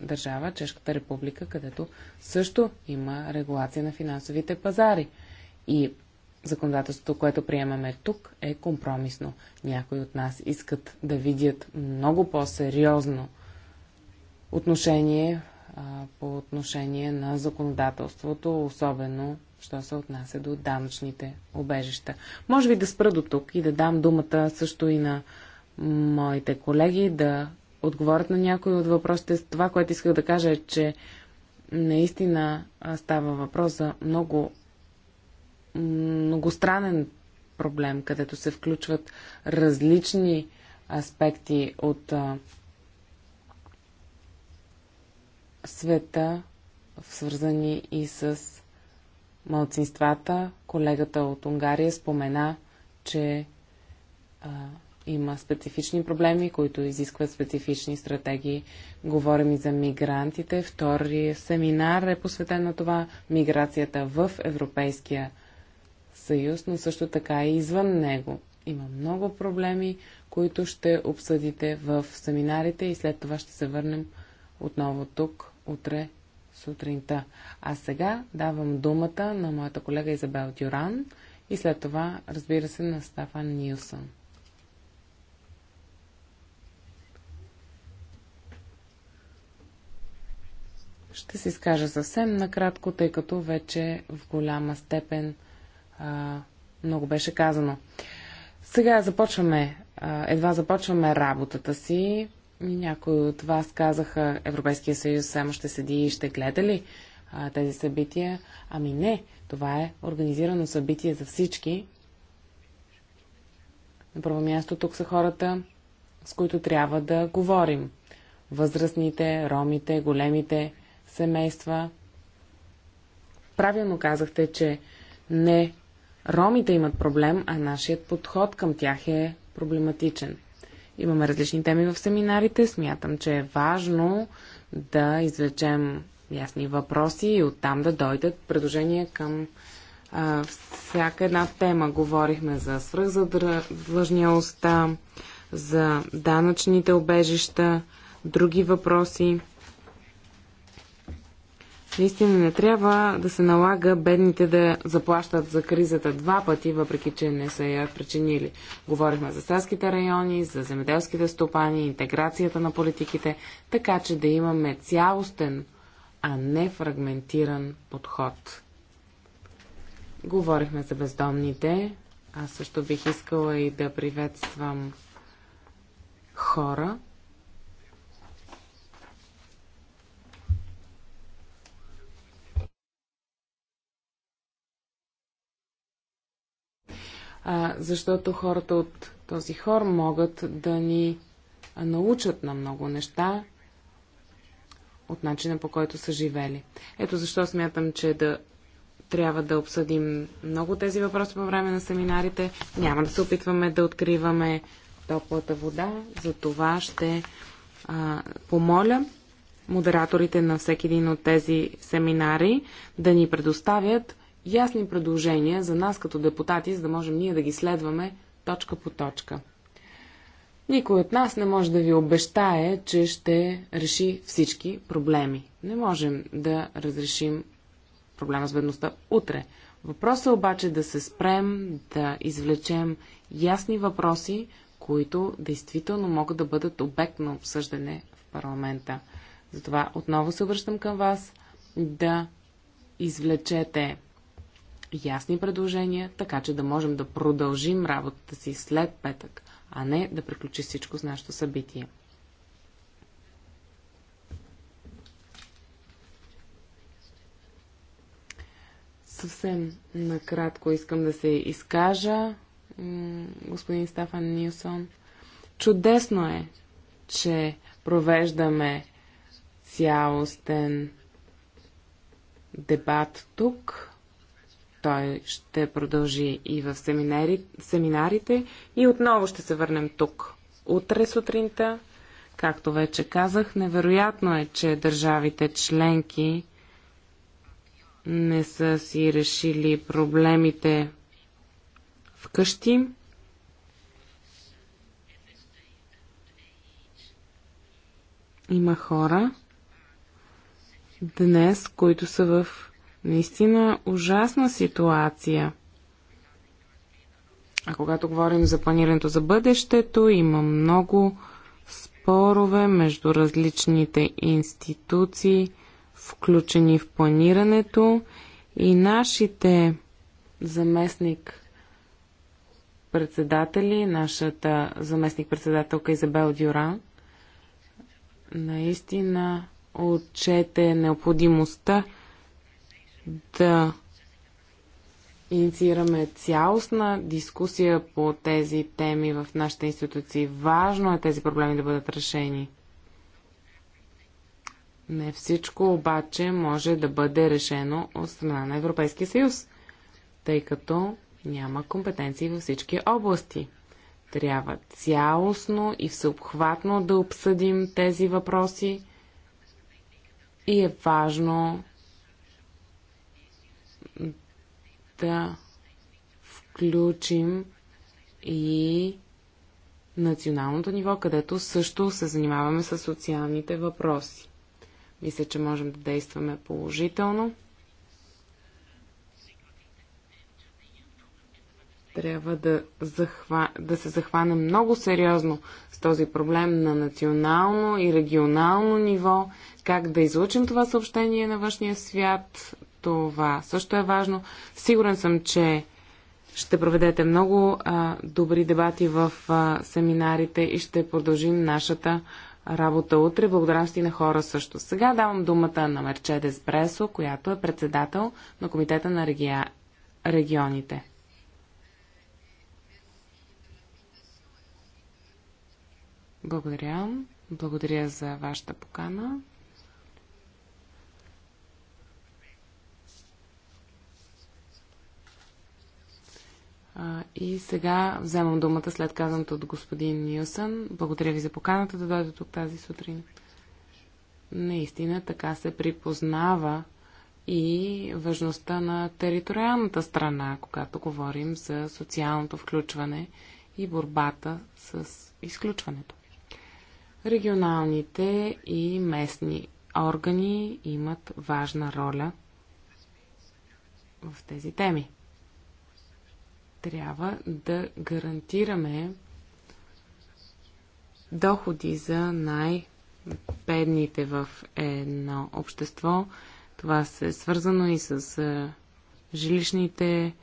държава, Чешката република, където също има регулация на финансовите пазари. И законодателството, което приемаме тук, е компромисно. Някои от нас искат да видят много по-сериозно отношение а, по отношение на законодателството, особено що се отнася до данъчните обежища. Може би да спра до тук и да дам думата също и на моите колеги да отговорят на някои от въпросите. Това, което исках да кажа е, че наистина става въпрос за много многостранен проблем, където се включват различни аспекти от света, свързани и с малцинствата. Колегата от Унгария спомена, че а, има специфични проблеми, които изискват специфични стратегии. Говорим и за мигрантите. Втори семинар е посветен на това миграцията в Европейския съюз, но също така и извън него. Има много проблеми, които ще обсъдите в семинарите и след това ще се върнем отново тук, утре, сутринта. А сега давам думата на моята колега Изабел Дюран и след това, разбира се, на Стафан Нилсън. Ще си изкажа съвсем накратко, тъй като вече в голяма степен а, много беше казано. Сега започваме, а, едва започваме работата си някои от вас казаха, Европейския съюз само ще седи и ще гледа ли а, тези събития. Ами не, това е организирано събитие за всички. На първо място тук са хората, с които трябва да говорим. Възрастните, ромите, големите семейства. Правилно казахте, че не ромите имат проблем, а нашият подход към тях е проблематичен. Имаме различни теми в семинарите. Смятам, че е важно да извлечем ясни въпроси и оттам да дойдат предложения към а, всяка една тема. Говорихме за свръхзадлъжнялостта, за данъчните обежища, други въпроси. Наистина не трябва да се налага бедните да заплащат за кризата два пъти, въпреки че не са я причинили. Говорихме за селските райони, за земеделските стопани, интеграцията на политиките, така че да имаме цялостен, а не фрагментиран подход. Говорихме за бездомните. Аз също бих искала и да приветствам хора, а, защото хората от този хор могат да ни научат на много неща от начина по който са живели. Ето защо смятам, че да трябва да обсъдим много тези въпроси по време на семинарите. Няма да се опитваме да откриваме топлата вода. За това ще а, помоля модераторите на всеки един от тези семинари да ни предоставят ясни предложения за нас като депутати, за да можем ние да ги следваме точка по точка. Никой от нас не може да ви обещае, че ще реши всички проблеми. Не можем да разрешим проблема с бедността утре. Въпросът е обаче да се спрем, да извлечем ясни въпроси, които действително могат да бъдат обект на обсъждане в парламента. Затова отново се връщам към вас да извлечете ясни предложения, така че да можем да продължим работата си след петък, а не да приключи всичко с нашето събитие. Съвсем накратко искам да се изкажа, господин Стафан Нилсон. Чудесно е, че провеждаме цялостен дебат тук той ще продължи и в семинари, семинарите и отново ще се върнем тук. Утре сутринта, както вече казах, невероятно е, че държавите членки не са си решили проблемите вкъщи. Има хора днес, които са в Наистина ужасна ситуация. А когато говорим за планирането за бъдещето, има много спорове между различните институции, включени в планирането и нашите заместник председатели, нашата заместник-председателка Изабел Дюран, наистина отчете необходимостта да инициираме цялостна дискусия по тези теми в нашите институции. Важно е тези проблеми да бъдат решени. Не всичко обаче може да бъде решено от страна на Европейския съюз, тъй като няма компетенции във всички области. Трябва цялостно и всеобхватно да обсъдим тези въпроси и е важно да включим и националното ниво, където също се занимаваме с социалните въпроси. Мисля, че можем да действаме положително. Трябва да, захва... да се захване много сериозно с този проблем на национално и регионално ниво, как да излучим това съобщение на външния свят, това също е важно. Сигурен съм, че ще проведете много а, добри дебати в а, семинарите и ще продължим нашата работа утре. Благодаря си на хора също. Сега давам думата на Мерчедес Бресо, която е председател на Комитета на регия... регионите. Благодаря. Благодаря за вашата покана. и сега вземам думата след казаното от господин Нилсън. Благодаря ви за поканата да дойде тук тази сутрин. Наистина така се припознава и важността на териториалната страна, когато говорим за социалното включване и борбата с изключването. Регионалните и местни органи имат важна роля в тези теми трябва да гарантираме доходи за най-бедните в едно общество. Това се е свързано и с жилищните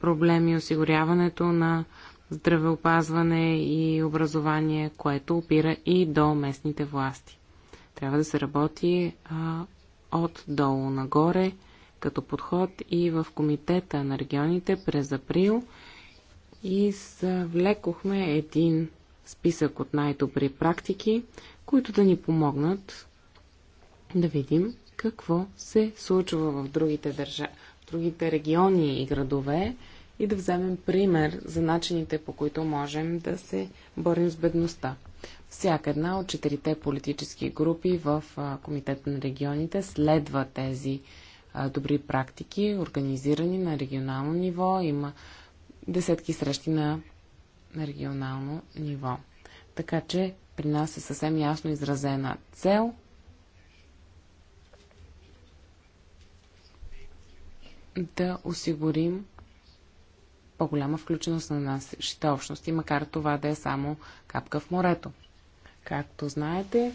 проблеми, осигуряването на здравеопазване и образование, което опира и до местните власти. Трябва да се работи а, от долу нагоре като подход и в Комитета на регионите през април и завлекохме един списък от най-добри практики, които да ни помогнат да видим какво се случва в другите, държа... в другите региони и градове и да вземем пример за начините по които можем да се борим с бедността. Всяка една от четирите политически групи в Комитета на регионите следва тези добри практики, организирани на регионално ниво. Има десетки срещи на, на регионално ниво. Така че при нас е съвсем ясно изразена цел. Да осигурим по-голяма включеност на нашите общности, макар това да е само капка в морето. Както знаете,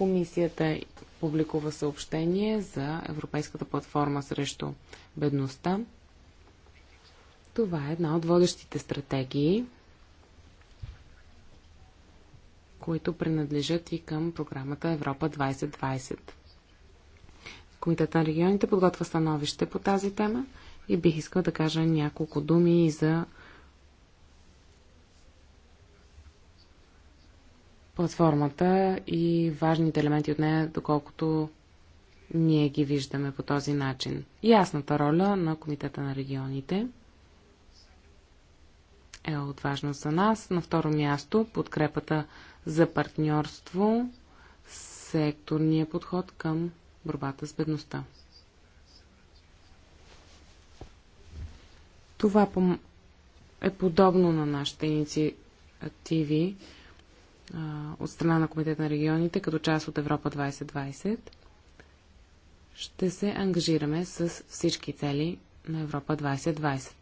Комисията публикува съобщение за Европейската платформа срещу бедността. Това е една от водещите стратегии, които принадлежат и към програмата Европа 2020. Комитета на регионите подготвя становище по тази тема и бих искал да кажа няколко думи и за платформата и важните елементи от нея, доколкото ние ги виждаме по този начин. Ясната роля на Комитета на регионите е от важност за нас. На второ място подкрепата за партньорство, секторния подход към борбата с бедността. Това е подобно на нашите инициативи от страна на Комитет на регионите като част от Европа 2020 ще се ангажираме с всички цели на Европа 2020.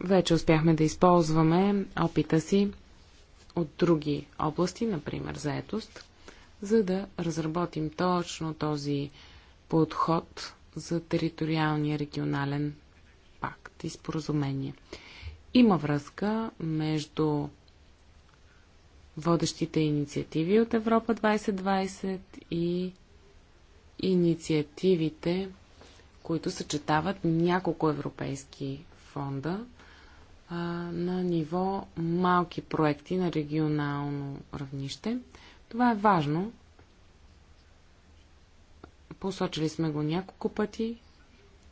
Вече успяхме да използваме опита си от други области, например заетост, за да разработим точно този подход за териториалния регионален пакт и споразумение. Има връзка между водещите инициативи от Европа 2020 и инициативите, които съчетават няколко европейски фонда а, на ниво малки проекти на регионално равнище. Това е важно. Посочили сме го няколко пъти.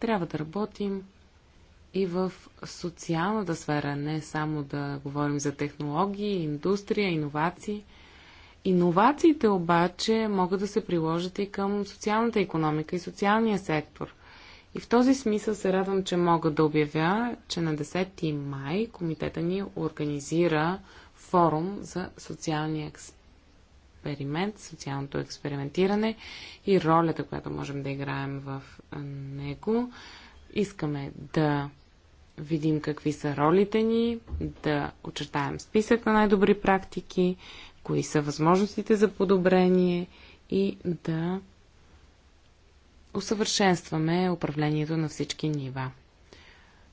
Трябва да работим и в социалната сфера, не само да говорим за технологии, индустрия, иновации. Иновациите обаче могат да се приложат и към социалната економика и социалния сектор. И в този смисъл се радвам, че мога да обявя, че на 10 май комитета ни организира форум за социалния експеримент, социалното експериментиране и ролята, която можем да играем в него. Искаме да видим какви са ролите ни, да очертаем списък на най-добри практики, кои са възможностите за подобрение и да усъвършенстваме управлението на всички нива.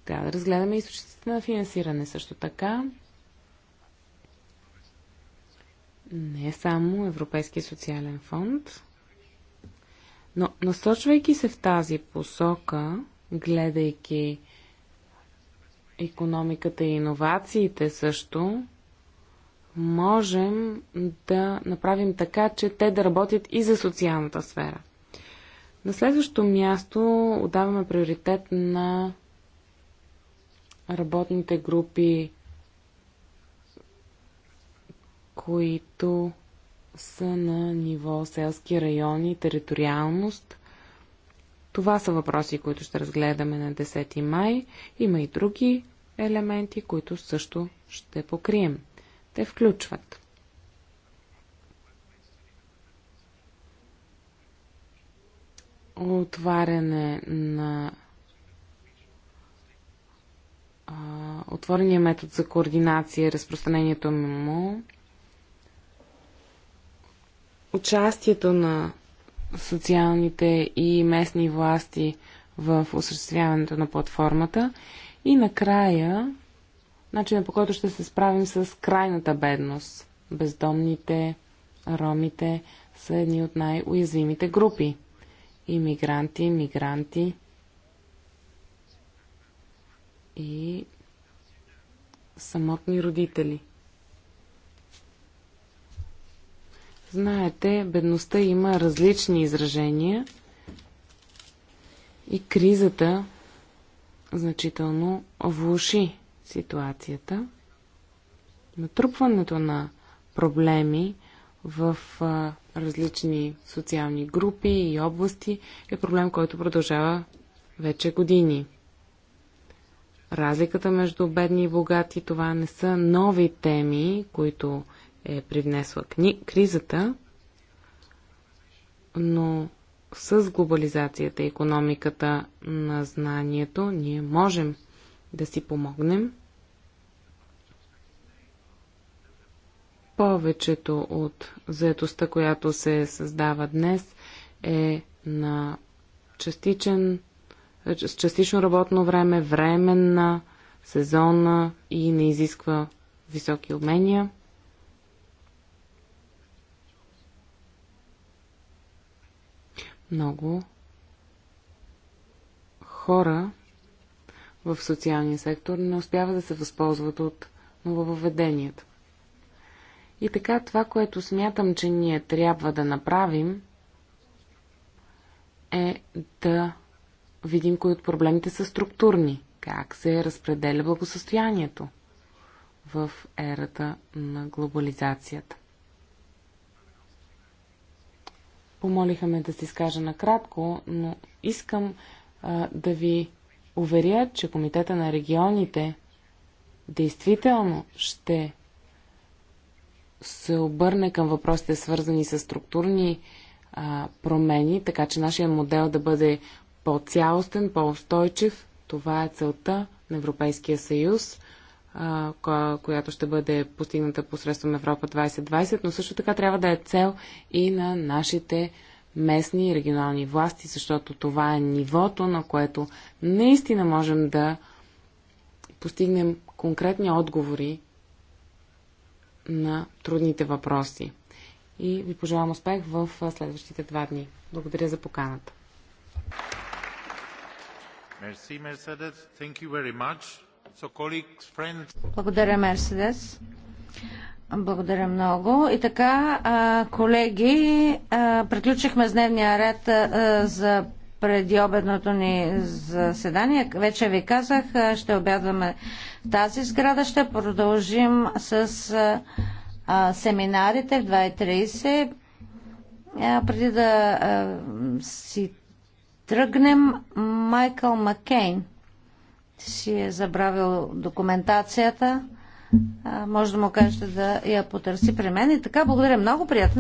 Трябва да разгледаме източниците на финансиране също така. Не само Европейския социален фонд, но насочвайки се в тази посока, гледайки економиката и иновациите също, можем да направим така, че те да работят и за социалната сфера. На следващо място отдаваме приоритет на работните групи, които са на ниво селски райони, териториалност. Това са въпроси, които ще разгледаме на 10 май. Има и други елементи, които също ще покрием. Те включват отваряне на отворения метод за координация и разпространението му, участието на социалните и местни власти в осъществяването на платформата и накрая, начинът по който ще се справим с крайната бедност. Бездомните, ромите са едни от най-уязвимите групи. Имигранти, мигранти и самотни родители. Знаете, бедността има различни изражения и кризата значително влуши ситуацията. Натрупването на проблеми в а, различни социални групи и области е проблем, който продължава вече години. Разликата между бедни и богати това не са нови теми, които е привнесла кни... кризата, но с глобализацията и економиката на знанието ние можем да си помогнем. Повечето от заетостта, която се създава днес, е на частичен, с частично работно време, временна, сезонна и не изисква високи умения. много хора в социалния сектор не успяват да се възползват от нововъведенията. И така това, което смятам, че ние трябва да направим, е да видим кои от проблемите са структурни, как се разпределя благосостоянието в ерата на глобализацията. Помолиха ме да се изкажа накратко, но искам а, да ви уверя, че Комитета на регионите действително ще се обърне към въпросите, свързани с структурни а, промени, така че нашия модел да бъде по-цялостен, по-устойчив. Това е целта на Европейския съюз която ще бъде постигната посредством Европа 2020, но също така трябва да е цел и на нашите местни и регионални власти, защото това е нивото, на което наистина можем да постигнем конкретни отговори на трудните въпроси. И ви пожелавам успех в следващите два дни. Благодаря за поканата. Merci, Mercedes. Thank you very much. Благодаря, Мерседес. Благодаря много. И така, колеги, приключихме с дневния ред за преди обедното ни заседание. Вече ви казах, ще обядваме в тази сграда. Ще продължим с семинарите в 2.30. Преди да си тръгнем, Майкъл Маккейн си е забравил документацията, може да му кажете да я потърси при мен. И така, благодаря много, приятно.